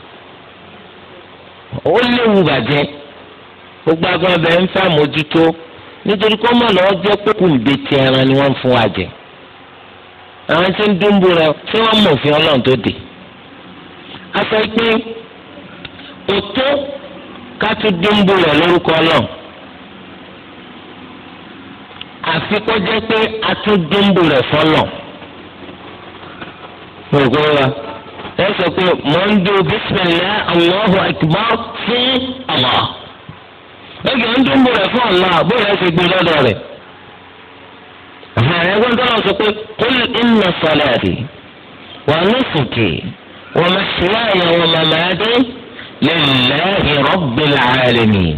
ó léwu bàjẹ́ gbogbo agbọn abẹ ń fà mójútó nítorí kó mọ̀ lọ́wọ́ jẹ́ pé kò ń bẹ ti ẹran ni wọ́n ń fún wa jẹ àwọn tí ń dúnbù rẹ̀ tí wọ́n mọ̀ òfin ọlọ́run tó dé a sọ òtó ká tún dúnbù rẹ̀ lórúkọ ọlọ́run àfikọ́ jẹ́ pé a tún dúnbù rẹ̀ fọlọ́run. mo rò pé ó wà ẹ sọ pé mò ń dún bísímìlá Allahu akbar fún Allah ẹgbẹ́ ń dún bọ̀rẹ̀ fún Allah bóyá ẹ ti gbé lọ́dọ̀ rẹ̀ ààrẹ gbọ́dọ̀ lọ sọ pé qul inna salati wa nusuki wa mahyaya wa mamati lillahi rabbil alamin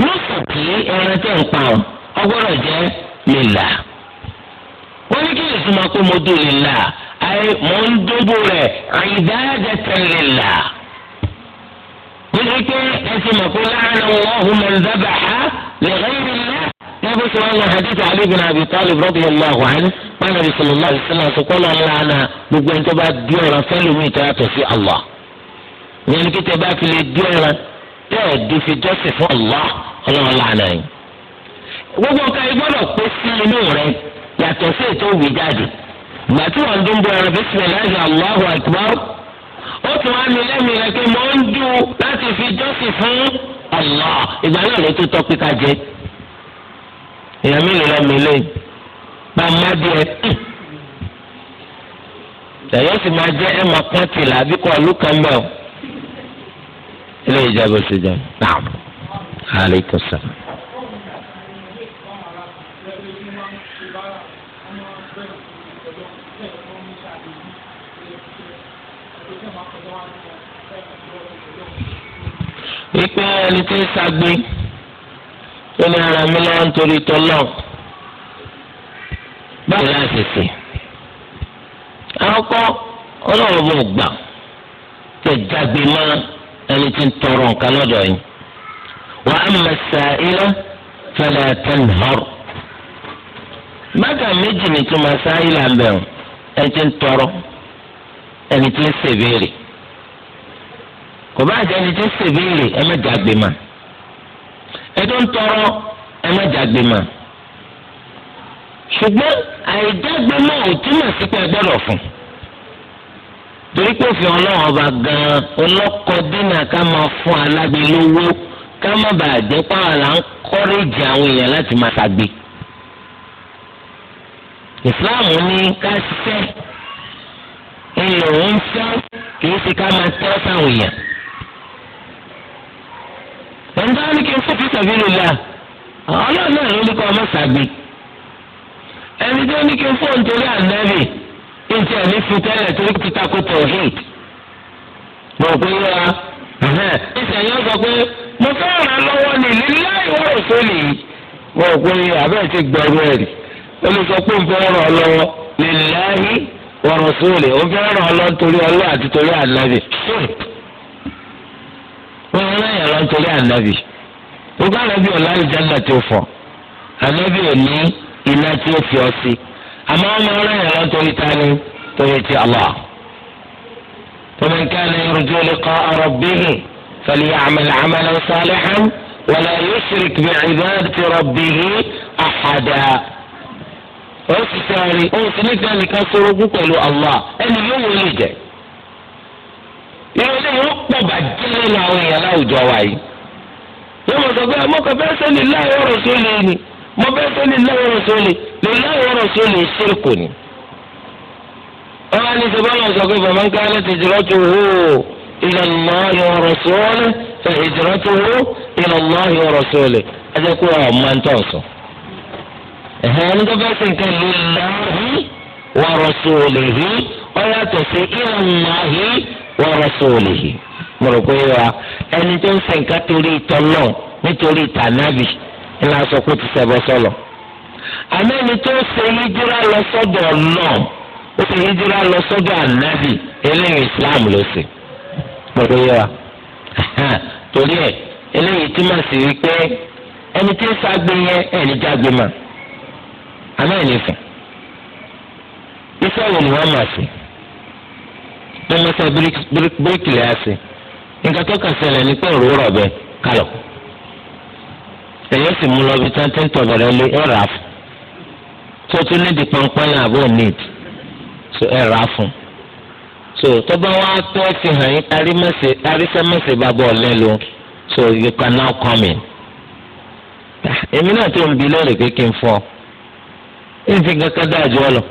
nusuki ẹran tẹ̀ ń pa ọ́ ọgbọ́dọ̀ jẹ́ lillah wọ́n ní kí máa kó mo dùn ayé mò ń dóbò rẹ̀ ìdájà tẹ̀lé là. Bísí pé ẹsẹ̀ mọ̀ kó láàánú wọn hùn mọ̀ nzábà á lè rẹ́ ìrìnlá. Níbo tí wọ́n lọ hadith Ali bin Abi Talib radiyallahu anhu pàṣẹ bisalòlá ìsìlá sọkọlọ ńláàna gbogbo ẹni tó bá di ọ̀ràn fẹ́lómi tó yàtọ̀ sí Allah. Ìyẹn ni kí tẹ bá fi lè di ọ̀ràn bẹ́ẹ̀ di fi jọ́sìn fún Allah ọlọ́run lánàá yìí. Gbogbo ìgbà tí wọ́n dún bọ̀ ẹ̀rọ bisimilahi allahu akbar ó tún á mi lẹ́mìí rẹ̀ pé mò ń dùn láti fi jọ́sìn fún allah ìgbà náà ló tó tọ́ pé ká jẹ èèyàn mélòó lọ mi lé bá má díẹ̀ tẹ̀yọ́ sì máa jẹ́ ẹ̀ máa pọ́n tìlà bí kò ọ̀lú kan bẹ̀ ọ́ ilé ìjẹ́bù ṣe jẹun náà alaikum salaam. wípé ẹni tí ń sagbe tó ní ara mi lọ́wọ́ nítorí tọ́lọ́ báyìí láṣẹṣe àkọ́kọ́ ọlọ́run bò gbà tẹ̀ jágbe mọ́ ẹni tí ń tọrọ nǹkan lọ́dọ̀ yìí wa amma as-sa'ila fala tanhar bákan méjì ni tó máa sáyé là ń ẹni tí ń tọrọ ẹni tí ń ṣèbéèrè kò bá jẹ́ ẹni tí ń ṣèbéèrè ẹ má jàgbé mà ẹ tó ń tọrọ ẹ má jàgbé mà ṣùgbọ́n àìjágbe mọ́ ò túmọ̀ sí pé ẹ gbọ́dọ̀ fún torí pé òfin ọlọ́run ọba gan-an ọlọ́kọ ká máa fún alágbe lówó ká má bàa jẹ́ páwọn là ń kọ́rẹ́jì àwọn èèyàn láti máa ṣàgbé ìsìláàmù ní ká ṣiṣẹ́ ńlọ ń fẹ́ kì í ṣe ká máa tẹ́ sáwọn èèyàn. ẹni tó wá ní kí n fún fi sabilillah ọlọ́run náà ló ní kọ́ ọmọ sàgbé ẹni tó ní kí n fún nítorí ànábì ìtì ẹ̀mí fi tẹ́lẹ̀ torí ti takò tọ̀hìd mọ̀ pé wá ìsẹ̀yìn sọ pé mo fẹ́ ràn lọ́wọ́ ní lillahi wa rasuli mọ̀ pé àbẹ́ẹ̀ ti gbẹ̀rù ẹ̀ rí olùsọ pé n fẹ́ ràn lọ́wọ́ lillahi wa rasuli òun fẹ́ ràn lọ́wọ́ torí ọlọ́ àti torí wọn yẹn náà yàn lọ nítorí ànábì gbogbo ànábì ò láyé jẹ́nà tó fọ̀ ànábì ò ní iná tí ó fi ọ sí àmọ́ wọn máa rán yàn lọ nítorí tani torí ti Allah ومن كان يرجو لقاء ربه فليعمل عملا صالحا ولا يشرك بعبادة ربه أحدا ó sì sáré ó sì ní ká pọ̀ bàjẹ́ nínú àwọn èèyàn láwùjọ wa yìí. yóò mọ̀ sọ pé àmọ́ kan fẹ́ sẹ́ lè láì ọ̀rọ̀ sí olè ni mo fẹ́ sẹ́ lè láì ọ̀rọ̀ sí olè lè láì ọ̀rọ̀ sí olè ṣírkù ni. ọ̀rọ̀ ni sọ́kọ́ náà sọ pé bàbá ń ká lẹ́ ti jìrọ́ tó hó ila Allahi wa rasulihi fa hijratuhu ila Allahi wa rasulihi ẹjẹ kó ọ máa ń tọ̀ sọ. ẹ̀hìn ẹni tó fẹ́ sìn kan lillahi wa sí ila mo rò pé wa ẹni tó ń ṣe nǹkan torí ìtọ́ náà nítorí tànàbì ńlá sọ pé ti ṣẹbọ sọlọ àmọ́ ẹni tó ń ṣe hijira lọ sọ́dọ̀ náà ó ṣe hijira lọ sọ́dọ̀ ànábì eléyìí islam ló ṣe mo rò pé wa torí ẹ eléyìí túmọ̀ sí wípé ẹni tí ń ṣagbe yẹn ẹni jágbe mà àmọ́ ẹni fún iṣẹ́ wo ni wọ́n máa ṣe bí wọ́n bíríkìlì á ṣe nǹkan tó kàn ṣẹlẹ̀ ní pé òru rọ̀ bẹ́ẹ̀ kálọ̀ èyí sì mú lọ bí tí wọ́n ti ń tọ̀bẹ̀rẹ̀ lé ẹ̀ rà fún tó tún ní di pọnpọ́n yẹn àbò need so ẹ̀ rà fún so tó bá wá pẹ́ fi hàn yín arísẹ́ mẹ́sẹ̀ bá bọ̀ lẹ́lu so you can now come in èmi náà tó ń bi lórí pé kí n fọ ẹ̀ ń fi kankan dáàjọ́ lọ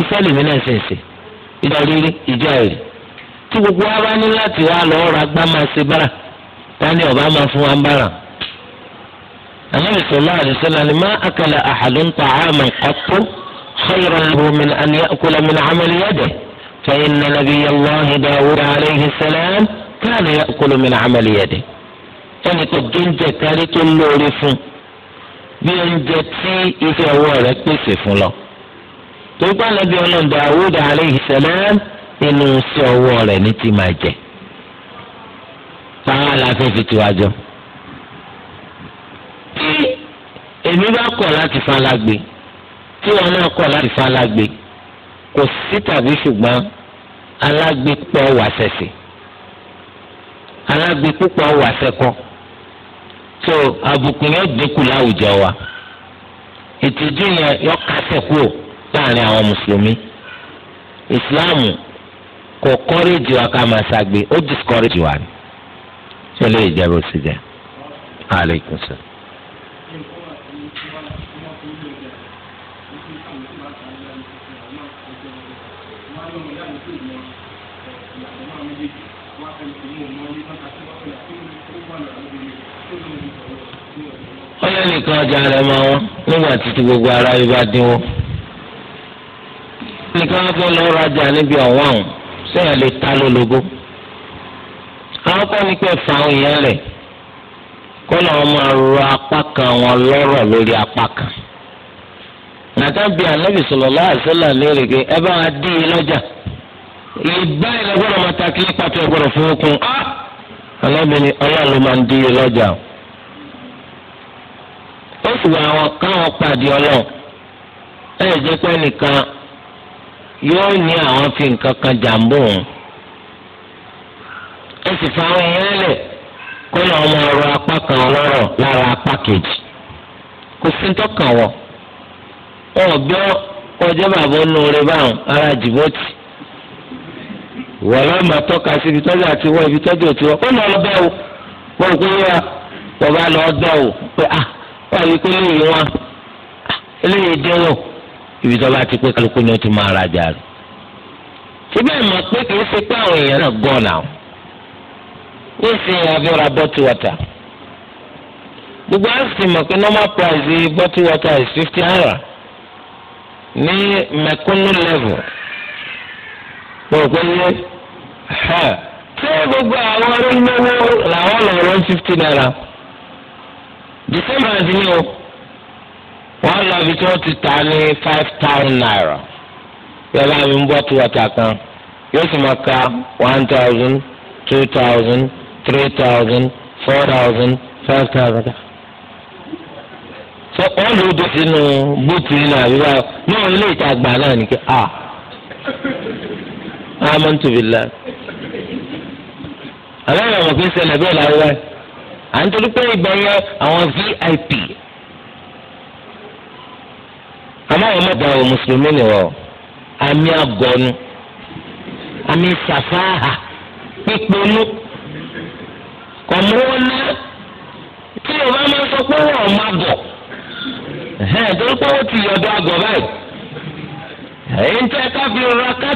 ìfẹ́ lèmi náà ṣèṣe ìjọ rírí ìjọ ẹ̀rí tí gbogbo wa bá ní láti wá lọ ọ̀rọ̀ agbá máa ṣe bára tani ọba máa fún wa ń bára. Ànábì sallallahu alaihi wasallam ma akala ahadun ta'aman qattu khayran lahu min an ya'kula min 'amali yadihi fa inna nabiyyallahi Dawud alayhi salam kana ya'kulu min 'amali yadihi. Ẹnì kò gíńjẹ kárí tó lóore fún bí oúnjẹ tí iṣẹ́ ọwọ́ rẹ̀ pèsè fún lọ. Tó gbọ́dọ̀ bí ọlọ́dọ̀ Dawud alayhi salam nínú sí ọwọ́ rẹ̀ ní ti máa jẹ táwọn aláfẹ́ fi tiwa jọ. tí èmi bá kọ̀ láti falágbe tí wọn náà kọ̀ láti falágbe kò sí tàbí ṣùgbọ́n alágbe púpọ̀ wà sẹ̀sẹ̀ alágbe púpọ̀ wà sẹ́kọ̀ so àbùkù yóò dínkù láwùjọ wa ìtìjú yẹn yọ kásẹ̀ kúrò láàrin àwọn mùsùlùmí ìsìláàmù kò kọ́rẹ́jì wa ká máa ṣàgbé ó discourage wa ni ṣé lè jẹ́ bó ṣe jẹ́ sọ. ọjà rẹ̀ máa wọ́n gbogbo ara yóò bá dínwó. nìkan wọ́n fẹ́ lọ́ọ́ rajà sẹ́yìn lè ta lólobó àwọn kọ́ ni pé fa àwọn èèyàn lẹ̀ kọ́ ni wọ́n máa ro apá kan wọn lọ́rọ̀ lórí apá kan sọlọ ẹ bá wa dín in ìgbà lọ kí pàtó ẹ fún okun lọja ah! ni ọlọ́run ló máa ń dín in ó sì yóò ní àwọn fi nǹkan kan jàǹbó ẹ sì fa àwọn èèyàn kó lọ ọmọ ọrọ apá kan ọlọ́rọ̀ lára apá kejì kò sí tọkàn wọ wọn ò bàbá onúure báwọn ará ibi àti ibi òtí lọ o ibi tó bá ti pé kálukú ni ó ti máa rajà rẹ̀ síbẹ̀ mọ̀ pé kì í ṣe pé àwọn èèyàn náà gọ̀ náà ó sì ń abẹ́ra bọ́tù wọ́tà gbogbo á sì mọ̀ pé normal price bọ́tù wọ́tà is fifty naira ní mẹ̀kúnnù level mo rò pé ṣé gbogbo àwọn onímọ̀wó làwọn lọ́ọ́ one fifty naira December ti ní o wọ́n lọ ibi tí wọ́n ti ta ní five thousand naira yóò bá mi ń bọ́ tí wọ́n ta kan yóò sì máa ka one thousand two thousand three thousand four thousand five thousand. sọ wọ́n lò ó dé sínú búùtù nínú àbíbá náà ilé ìta àgbà náà ní kí a amantu billah àlọ́ ìrànwọ́ kí ń ṣẹlẹ̀ bẹ́ẹ̀ láwùrọ̀ à ń torí pé ìgbà yẹn àwọn vip aláwọ̀ mẹ́ta wo mùsùlùmí ni wọ́n àmì àgọ́nu àmì sàfáà máa sọ pé wọ́n máa gọ̀ torí pé ó ti yọ̀dọ̀ àgọ̀ báyìí èyí ń tẹ́ ni wọ́n fi ra kan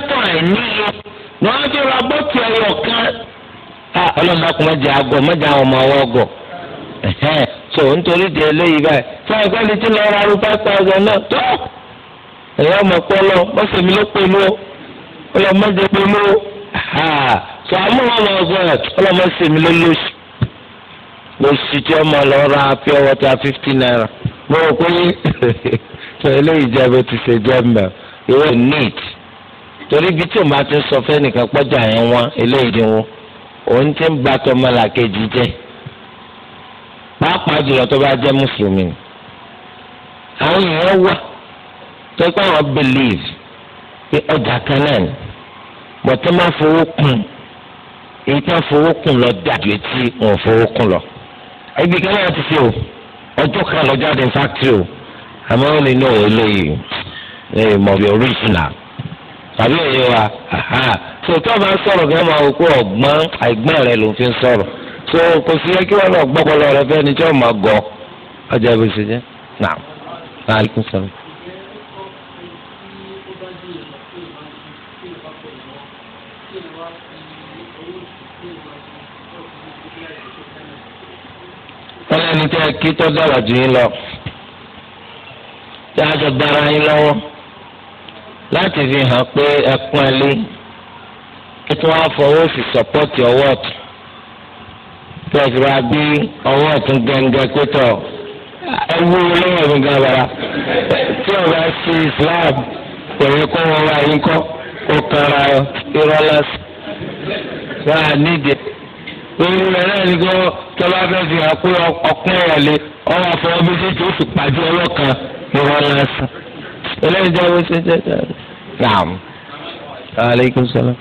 ọlọ́run bá kún mọ́jà àgọ̀ mọ́jà àwọn ọmọ ọwọ́ gọ̀ tó nítorí di eléyìí báyìí fún ẹgbẹ́ ni tí lọ́ọ́ ra rúbá ẹ̀yà ọmọ ẹ̀kọ́ lọ mọ́sẹ̀ mi ló pẹ̀lú ọlọ́mọdé pẹ̀lú sọ àmú wọn lọ sọ ẹ̀ ọlọ́mọsẹ̀ mi ló lóṣù lóṣù tí ọmọ lọ ra pure water fifty naira mo rò pé sọ eléyìí jẹ́ bó ti ṣe jẹ́ mbẹ́ ìwé neat torí ibi tí o máa ti sọ fẹ́nìkan pọ́jà yẹn wọ́n eléyìí ni wọ́n òun ti ń ba tọmọlàkejì jẹ́ pàápàá jùlọ tó bá jẹ́ mùsùlùmí àwọn èèyàn wà. tẹ́kọ̀ àwọn believe pé ọjà kan náà ni bọ̀tẹ́ máa fowó kún èyí tí fowó lọ dájú etí wọn fowó kún lọ. ibi o ọjọ́ kan lọ jáde fáktírì o àmọ́ wọn ni ní òun eléyìí ẹ̀yìn original tàbí wa sòtọ́ máa sọ̀rọ̀ kí wọ́n máa wò ọ̀gbọ́n àìgbọ́n rẹ̀ ló fi ń so kò sí yẹ kí wọ́n lọ rẹ tí wọ́n máa gọ ọjà jẹ́ wọn lẹni tẹ kí tó dàgbà jù yín lọ tí a jọ gbára yín lọ́wọ́ láti fi hàn pé ẹpọn ẹlẹ kí tó wá fọwọ́ sí sọpọ́tì ọwọ́ ọ̀tún tí wọ́n ti wá gbé ọwọ́ ọ̀tún gẹ́gẹ́ pé tọ̀ ẹwú lọ́wọ́ mi gan bara tí ọba ṣe Islam pẹ̀lú kó wọn wá yín kọ́ kó kara irọ́ lásán wọ́n á nídìí. Oyún rẹ̀ náà ni kò tọ́lá fẹ́ fi hàn pé ọkùn ẹ̀ lé ọwọ́ àfọwọ́ bí ṣe tó fi pàdé ọwọ́ kan ìrọ̀ lásán. ṣe jẹ́ jẹ́ naam. aleykum salaam.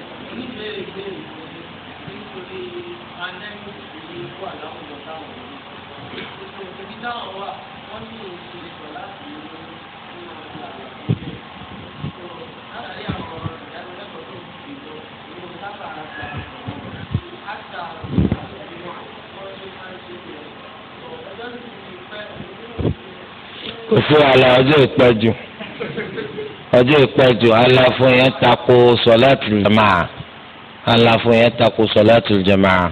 fún àlà ọjọ́ ìpẹ́jù ọjọ́ ìpẹ́jù àlàfo yẹn tako sọ̀láàtì jàmáà àlàfo yẹn tako sọ̀láàtì jàmáà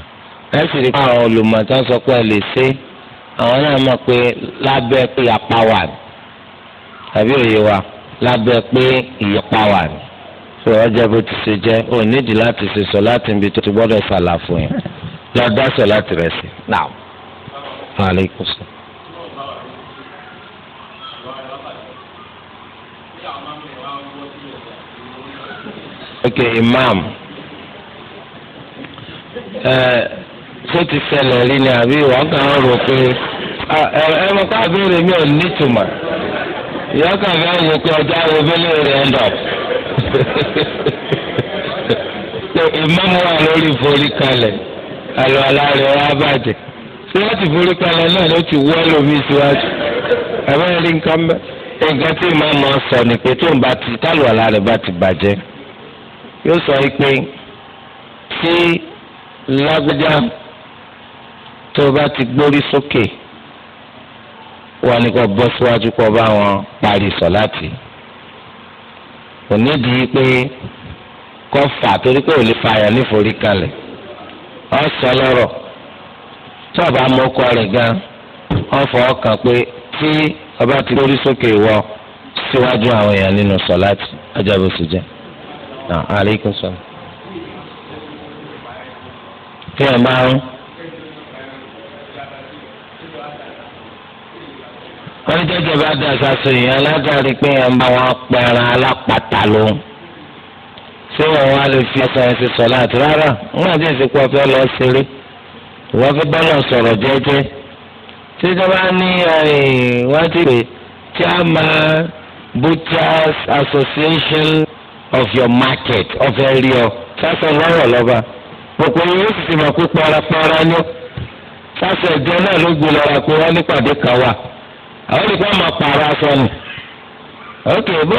ẹ sì rí i pé àwọn olùmọ̀tán sọ pé ẹ lè ṣe àwọn náà mọ̀ pé lábẹ́ pé ìyapa wà ní àbí òye wa lábẹ́ pé ìyapa wà ní tó ọjọ́ bó ti ṣe jẹ́ ò nídìí láti ṣe sọ̀láàtì níbi tó ti gbọ́dọ̀ ṣàlàfo yẹn lọ́dọ̀ sọ̀láàtì rẹ̀ sí. Naam. Wa salaam. okay imam ẹ tó ti ṣẹlẹ̀ rí ni àbí wọ́n kàn ń rò pé ẹ mọ̀ ká béèrè mi ò nítumọ̀ ìyá kan fẹ́ wò pé ọjà wo bẹ́lẹ̀ rẹ̀ ń dọ̀ imam wà lórí forí kalẹ̀ àlọ́ alárẹ̀ wá bàjẹ́ tí wọ́n ti forí kalẹ̀ náà ló ti wọ́ lómi síwájú àbẹ́rẹ́ nǹkan bẹ́ẹ̀ nǹkan tí sọ ni pé tó ń bá ti tálọ̀ alárẹ̀ bá ti bàjẹ́. yóò sọ pé tí lágbájá tó bá ti gbórí sókè wà ní kò bọ́ síwájú kó bá wọn parí sọ̀láàtì kò nídìí pé kó fà torí pé ò lè fààyàn níforí kalẹ̀ ọ sọ lọ́rọ̀ tí ọba mọ rẹ̀ gan ọ fọwọ́ kàn pé tí ọba ti gbórí sókè wọ síwájú àwọn èèyàn nínú sọ̀láàtì ọjọ́ bó ṣe jẹ́ na ah, aleykum salaam. kí ẹ máa ń. wọ́n ní jẹ́jẹ́ bá dá sásù yìí alágàrí pé ẹ̀ ń bá wọn pẹ̀ràn alápàtà ló ń. ṣé wọn wá lè fi ọsàn ẹ̀sìn sọ̀lá àti rárá wọn àti ìsìnkú ọ̀fẹ́ lọ ṣeré ìwọ́n fi bọ́lọ̀ sọ̀rọ̀ jẹ́jẹ́. tí ìjọba ní wọ́n ti pè chairman butchers association of your market of rí ọ sásọ lọ́rọ̀ lọ́ba gbogbo yín yóò sì ti mọ̀ pé parapara ni sásọ ẹ̀jẹ̀ náà ló gbé lọ́ra pé wọ́n nípàdé kan wà àwọn olùkọ́ máa pààrọ̀ aṣọ ok sọ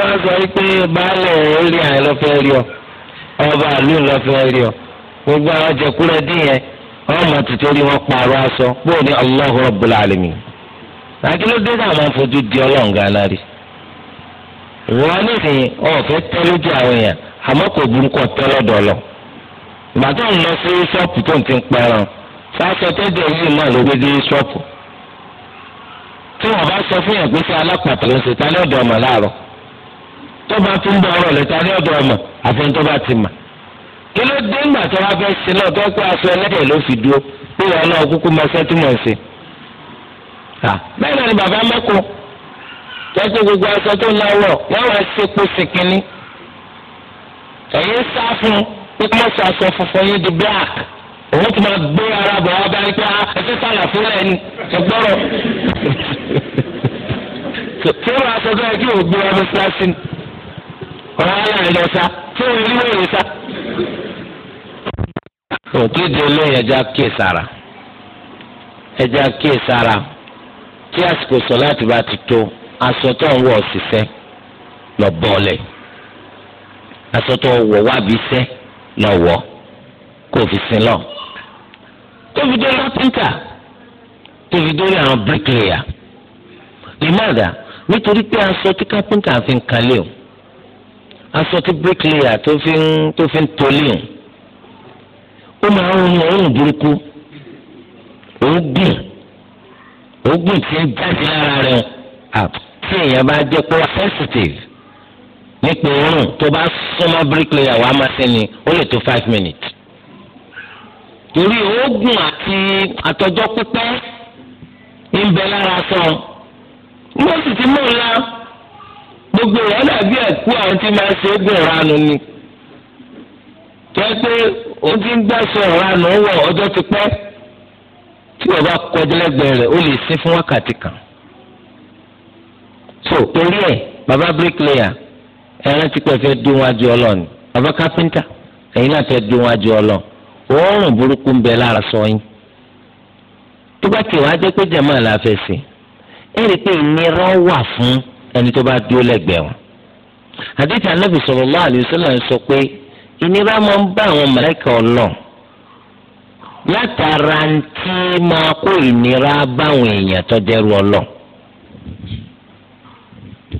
máa sọ pé baálẹ̀ eré lọ́fẹ́ ọba àlù lọ́fẹ́ gbogbo àwọn dín yẹn wọ́n mọ̀ títí orí wọn náà máa fojú di wọ́n nísìnyí ọ̀fẹ́ tẹ́ lójú àwọn èèyàn àmọ́ kò burúkú ọ̀tẹ́ lọ́dọ̀ ìgbà tó ń lọ sí ṣọ́ọ̀pù tó ń ti ń sáṣọ yìí tí wọ́n bá sọ fún yàn pé sí alápàtà ló ta ní ọ̀dọ̀ ọmọ láàárọ̀ tó bá tún lẹ́ta ní ọ̀dọ̀ ọmọ àfẹn tó bá ti mà. kí ló dé tó wá lọ́sọ̀ gbogbo aṣọ tó láwọ̀ yóò wá sépo sìnkínní. ẹ̀yin sá fún pé kí wọ́n sọ aṣọ funfun yín di black òun ti máa gbé ara bọ̀ wá báyìí pé ah, ẹsẹ̀ sàlà fún ẹni ṣùgbọ́rọ̀. tí wọ́n aṣọ tó yẹ kí wọ́n gbé ọdún síláṣí ọ̀rọ̀ aláìlẹ̀ ọ̀sá tí wọ́n rí wọ́n sá. òkèdè olóyè ẹja kíè sára ẹja kíè sára tí àsìkò sọ láti bá ti tó aṣọ tó ń wọ̀ ṣiṣẹ́ lọ bọ́ọ̀lẹ̀ aṣọ tó wọ̀ wábi iṣẹ́ lọ wọ̀ kó o fi sin lọ. tó fi dórí kápẹ́ńtà tó fi dórí àwọn bíríkìlìyà ìmọ̀dà nítorí pé aṣọ tí kápẹ́ńtà fi ń kalẹ̀ o aṣọ tí bíríkìlìyà tó fi ń tolẹ̀ o ó máa ń rún òórùn burúkú òógùn òógùn tí ń jáde lára rẹ̀ tí èèyàn bá jẹ́ pé sensitive nípa òórùn tó bá súnmọ́ bricklayer wàá máa ṣe ó lè tó five minutes. torí oògùn àti àtọjọ́ pípẹ́ ń bẹ lára sọ wọ́n sì ti mú un la gbogbo rẹ̀ dàbí ẹ̀kú àwọn tí máa ṣe oògùn ìranu ni. jẹ́ pé ó ti ń gbàṣọ ìranu wọ ọjọ́ ti pẹ́ tí wọ́n bá kọjá lẹ́gbẹ̀ẹ́ rẹ̀ ó lè sin fún wákàtí kan. so torí ẹ bàbá bricklayer ẹran tí pẹ́ fẹ́ dún wájú bàbá kápẹ́ńtà ẹ̀yin náà fẹ́ dún wájú ọlọ́ọ̀ òórùn burúkú ń bẹ lára sọyìn tó bá pé ẹ pé ìnira wà fún ẹni tó bá dúró lẹ́gbẹ̀ẹ́ wọn àdéhùn anábì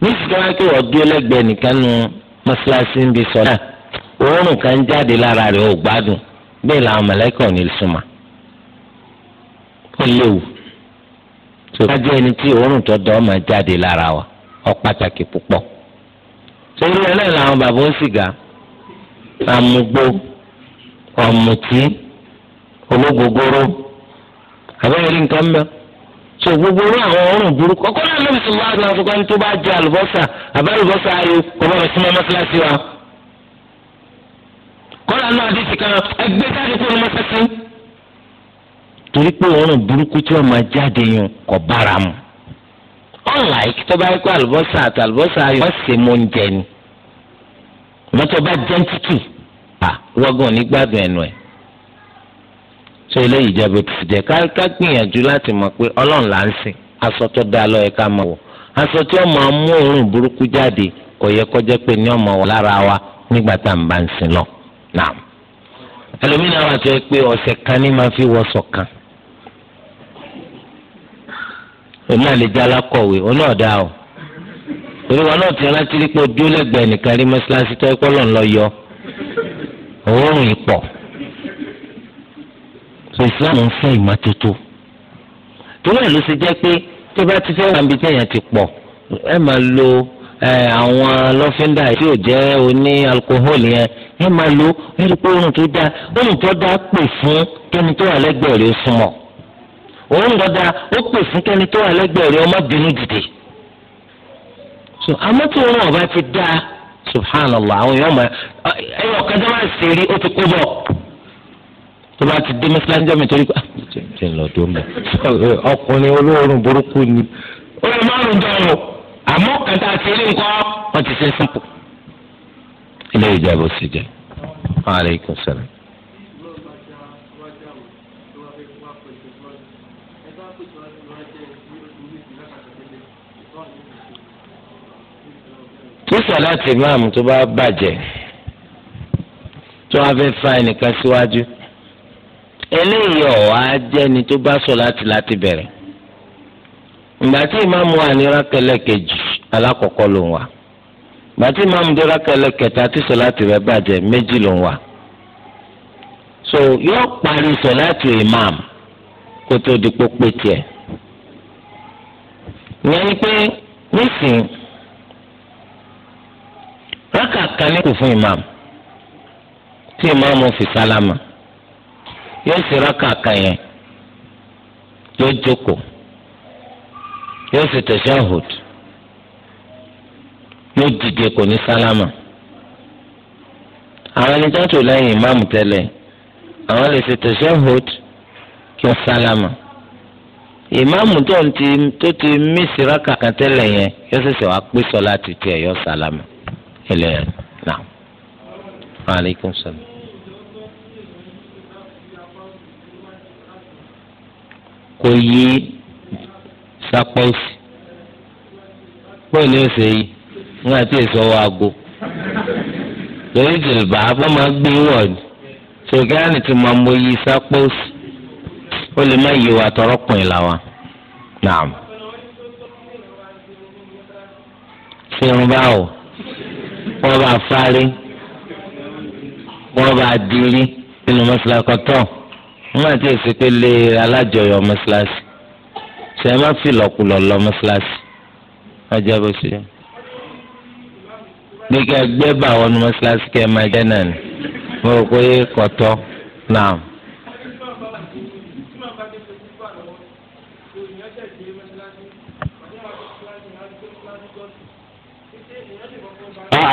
níṣìṣẹ́ tó wá pé ọdún ẹlẹ́gbẹ̀ẹ́ nìkan nu mọ́ṣáláṣí ń bi sọ́dà òórùn kan jáde lára rẹ̀ ò gbádùn bẹ́ẹ̀ làwọn mọ̀lẹ́kọ̀ ní súnmọ́ ó léwu tó bá jẹ́ ẹni tí òórùn tó dọ́ máa jáde lára wa ó pàtàkì púpọ̀ torí ẹ náà làwọn bàbá ó sìgá àmugbó ọ̀mùtí ológogoro àbẹ́rẹ́ nǹkan mẹ́rin so gbogbo orí àwọn ọrùn burúkú ọkọ náà lóbi sọlá àti àfikọ ní tó bá jẹ àlùbọ́sà àbá àlùbọ́sà ayò ọmọ rẹ súnmọ́ mọ́sálásí wa. kọ́lá náà di ti kan ẹgbẹ́ jáde kúrò mọ́sálásí. torí pé ọrùn burúkú tí wọ́n máa jáde yẹn kò bára mu. unlike tó bá yẹ kó àlùbọ́sà àti àlùbọ́sà ayò wọ́n ṣe mọ́ oúnjẹ ni. mọ́tò bá jẹ́ títì wọ́gàn nígbàdùn so eléyìí jẹ́ ti jẹ́ gbìyànjú láti mọ̀ pé ọlọ́run là ń sìn aṣọ tó dáa lọ́ọ́ ẹ̀ka máa wọ̀ aṣọ tí ó máa mú òórùn burúkú jáde kò yẹ kó pé ní ọmọ wọ̀ lára wa nígbà tá à ń bá ń sìn lọ ẹlòmínà wà tó yẹ fi kan o náà so islam ń fẹ́ ìmọ́tótó torí ẹ̀ ló ṣe jẹ́ pé tí o bá ti fẹ́ wà níbi tí èèyàn ti pọ̀ ẹ máa lo àwọn lọ́fíńdà tí ò jẹ́ oní alkohólì yẹn ẹ máa lo ẹni pé oorun tó dáa oorun tó dáa pè fún kẹ́ni tó wà lẹ́gbẹ̀ẹ́ rẹ̀ súnmọ́ oorun tó dáa ó pè fún kẹ́ni tó wà lẹ́gbẹ̀ẹ́ rẹ̀ ọmọ bínú dìde so àmọ́ tí oorun ọba ti dáa subhanallah àwọn èèyàn máa ẹ̀yọ̀ kan tó máa ṣe rí ó ti kó bọ̀ tó bá ti dé mẹsàlásí jọ mi torí pé ah, lọ tó ń bọ ọkùnrin olóorun burúkú ni. ó lè má rùn dọ̀rọ̀ àmọ́ kàtà àti ilé nǹkan wọ́n ti ṣe sápò. ilé ìjà bó ṣe jẹ aleykum salaam. tí sọlá ti máàmù tó bá bàjẹ́ tó wá fẹ́ fa ẹnìkan síwájú. Si eléyìí ọ̀wá jẹ́ni tó bá sọ láti láti bẹ̀rẹ̀ ìgbà tí ìmáàmù wa ní rákẹ́lẹ́ kejì alákọ̀ọ́kọ́ ló ń wà ìgbà tí ìmáàmù dé rákẹ́lẹ́ kẹta tí sọ láti rẹ̀ bàjẹ́ méjì ló ń wà so yóò parí sọ láti ìmáàmù kó tó di pópé tiẹ̀ ìyẹn ni pé nísìnyí rákà kan ní kò fún ìmáàmù tí ìmáàmù fi sálámà yóò sì rákà kan yẹn yóò jókòó yóò sì tashahhud yóò dìde kò ní sálámà àwọn ẹni tó lẹ́yìn ìmáàmù tẹ́lẹ̀ àwọn lè ṣe tashahhud kí wọ́n sálámà ìmáàmù tó ti tó ti mísì rákà kan tẹ́lẹ̀ yẹn yóò ṣẹ̀ṣẹ̀ wá pé sọ láti tiẹ̀ yóò sálámà ilẹ̀ náà. Wa salaam. kó yí sápá òsì bóyá ọ̀sẹ̀ yìí wọ́n àti èso ọwọ́ aago lórí jìlbà abọ́ máa gbé wọ̀ ni sọ̀gáàni ti máa mọ yí sápá òsì ó lè má yí wa tọrọkùnrin làwọn naam sẹ́run báwo wọ́n bá fárí wọ́n bá dirí nínú mọ́sálásí nígbà tí èsì pé lé alájọyọ̀ mọ́ṣáláṣí ṣe é má fi lọ́kùlọ̀ lọ mọ́ṣáláṣí ọjọ́ bó ṣe. bí ká gbé bá wọn ní mọ́ṣáláṣí kẹ́ ẹ máa jẹ́ náà ni mo rò pé kọ̀tọ́ náà.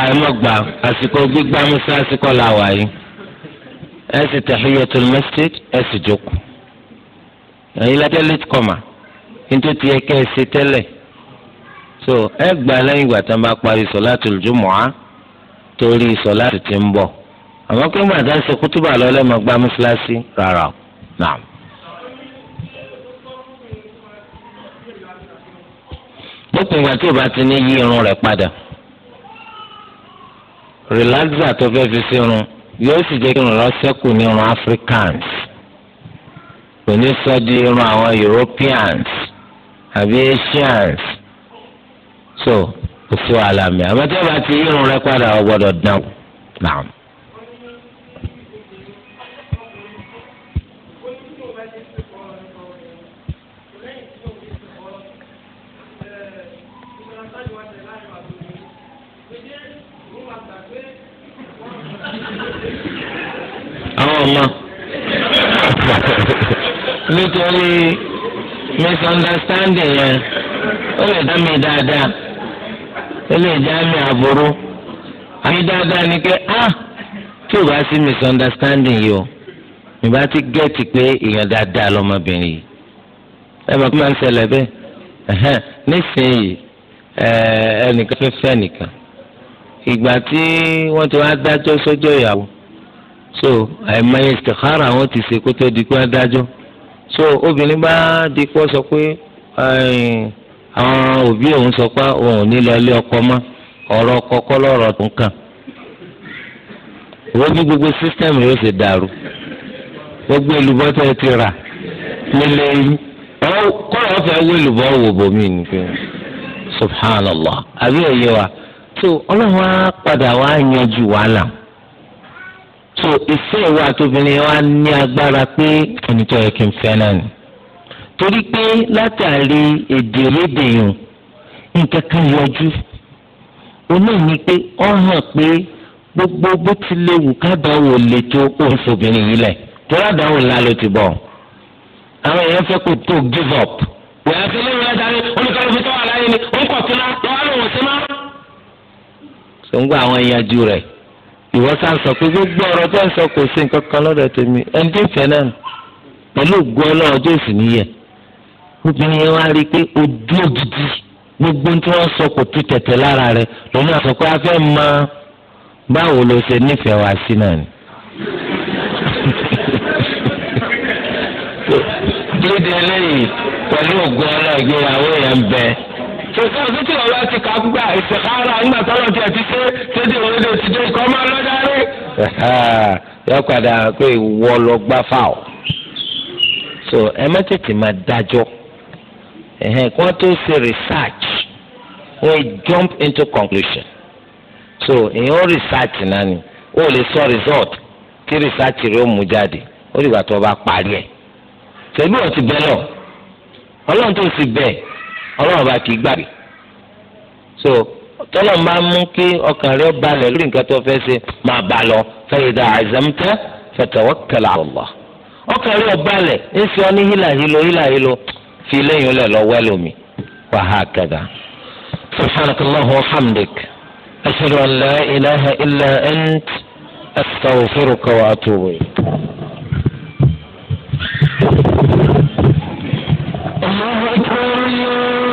àìmọ̀ ah, àsìkò gbígbá mọ́ṣáláṣí kọ́ la wà yìí ẹ sì tahiyatul masjid ẹ sì jókòó ẹ̀yin lajẹ́ late comer nítorí tiẹ̀ kẹ́ ẹ ṣe tẹ́lẹ̀ so ẹ gbà lẹ́yìn ìgbà tí wọ́n bá parí solatul jumu'ah torí sọláàtì ti ń bọ̀ àmọ́ pé mo àdá ṣe kútúbà lọ lẹ́mọ̀ gba mọ́ṣáláṣí rárá o náà. lópin ìgbà tí o bá ti ní yí irun rẹ̀ padà rìláxà tó fẹ́ fi sí irun yóò sì jẹ́ kí irun rẹ̀ ṣẹ́kù ní irun africans kò ní sọ di irun àwọn europeans àbí asians so kò sí wàhálà mi àmọ́ tí wọ́n bá ti irun rẹ̀ padà ó gbọ́dọ̀ dán ọmọ nítorí misunderstanding yẹn ó lè dá mi dáadáa ó lè já mi àbúrò àmì dáadáa ni pé ah tí o bá misunderstanding yìí o mi bá ti gẹ́ẹ̀tì pé èèyàn dáadáa lọmọbìnrin yìí ẹ bá kí máa ń ṣẹlẹ̀ bẹ́ẹ̀ nísìnyí ẹnìkan fẹ́ fẹ́ nìkan ìgbà ti wá dájọ́ sójú ìyàwó. so àìmọye istikhara àwọn ti ṣe kó tó di pé adájọ́ so obìnrin bá di pọ́ sọ pé àwọn òbí òun sọ pé òun ò ní lọ ilé ọkọ mọ́ ọkọ kọ́ lọ́rọ̀ tó ń kàn wọ́n bí gbogbo sísítẹ́ẹ̀mù yóò ṣe dàrú gbogbo olùbọ́tẹ́ ti rà nílé kọ́ ọ fẹ́ wé olùbọ́ wò ni pé subhanallah àbí wa so ọlọ́run á padà wá yanjú so ìfẹ́ ìwà àtòbìnrin wa ní agbára pé onítọ̀ yẹ kí n fẹ́ náà ni torí pé látàrí èdè lédè yìí nǹkan kan yọjú onáà ni pé ọ hàn pé gbogbo bó ti léwu kádàáwò lè tó oṣùbìnrin yìí lẹ̀ torí àdáwò ńlá ló ti bọ̀ àwọn èèyàn fẹ́ kó tó give up wọ́n yà fẹ́ léwu látàrí oníkàlùfù tó wà láyé ni ó ń kọ̀ tó náà lọ́wọ́ lòun ò sí mọ́. sọ ń gbọ́ àwọn ìyànjú rẹ̀ ìwọ sá sọ pé gbogbo ọ̀rọ̀ tó ń sọ kò sí nǹkan kan lọ́dọ̀ tèmi ẹni tó fẹ́ náà pẹ̀lú ògùn ọlọ́run tó sì níyẹ obìnrin yẹn wá rí i pé ojú òdìdí gbogbo tí wọ́n sọ kò tú tẹ̀tẹ̀ lára rẹ̀ lọ́nà sọ pé a mọ báwo ló ṣe nífẹ̀ẹ́ wá sí náà ni. dídé lẹ́yìn pẹ̀lú ògùn ọlọ́run ìgbéyàwó yẹn ń sọ̀tún sọ̀tún ọ̀rọ̀ ti kà á gbà ìsèkára ńgbà tọ́lọ̀ tí a ti ṣe ṣéde òwúrọ̀ lè ti dé kọ́ máa lọ́dárí. yọ padà pé ìwọ lọ gbá fáwọ so ẹ má tètè máa dájọ́ ẹ̀hẹ́n kí wọ́n tó ṣe research wọ́n jump into conclusion so èèyàn research náà ni ó lè sọ result tí research rẹ̀ ó mú jáde ó dìgbà tó o bá parí ẹ̀ ṣèlú ọ̀ ti bẹ́ẹ̀ lọ ọlọ́run tó ti bẹ́ẹ̀ ọlọ́run bá kì í gbàgbé so tọ́lọ̀ máa mú kí ọkàn rẹ balẹ̀ lórí nǹkan tó fẹ́ ṣe máa bá lọ fẹ́yìdà àzẹ́mtá fatawakkal ala Allah ọkàn rẹ balẹ̀ ń sọ ní hílàhílo hílàhílo fi lẹ́yìn lẹ̀ lọ́wọ́ ẹlòmí wa hakadha subhanakallahumma wa hamdik ashhadu an la ilaha illa ant astaghfiruka wa atubu ilayk. الله أكبر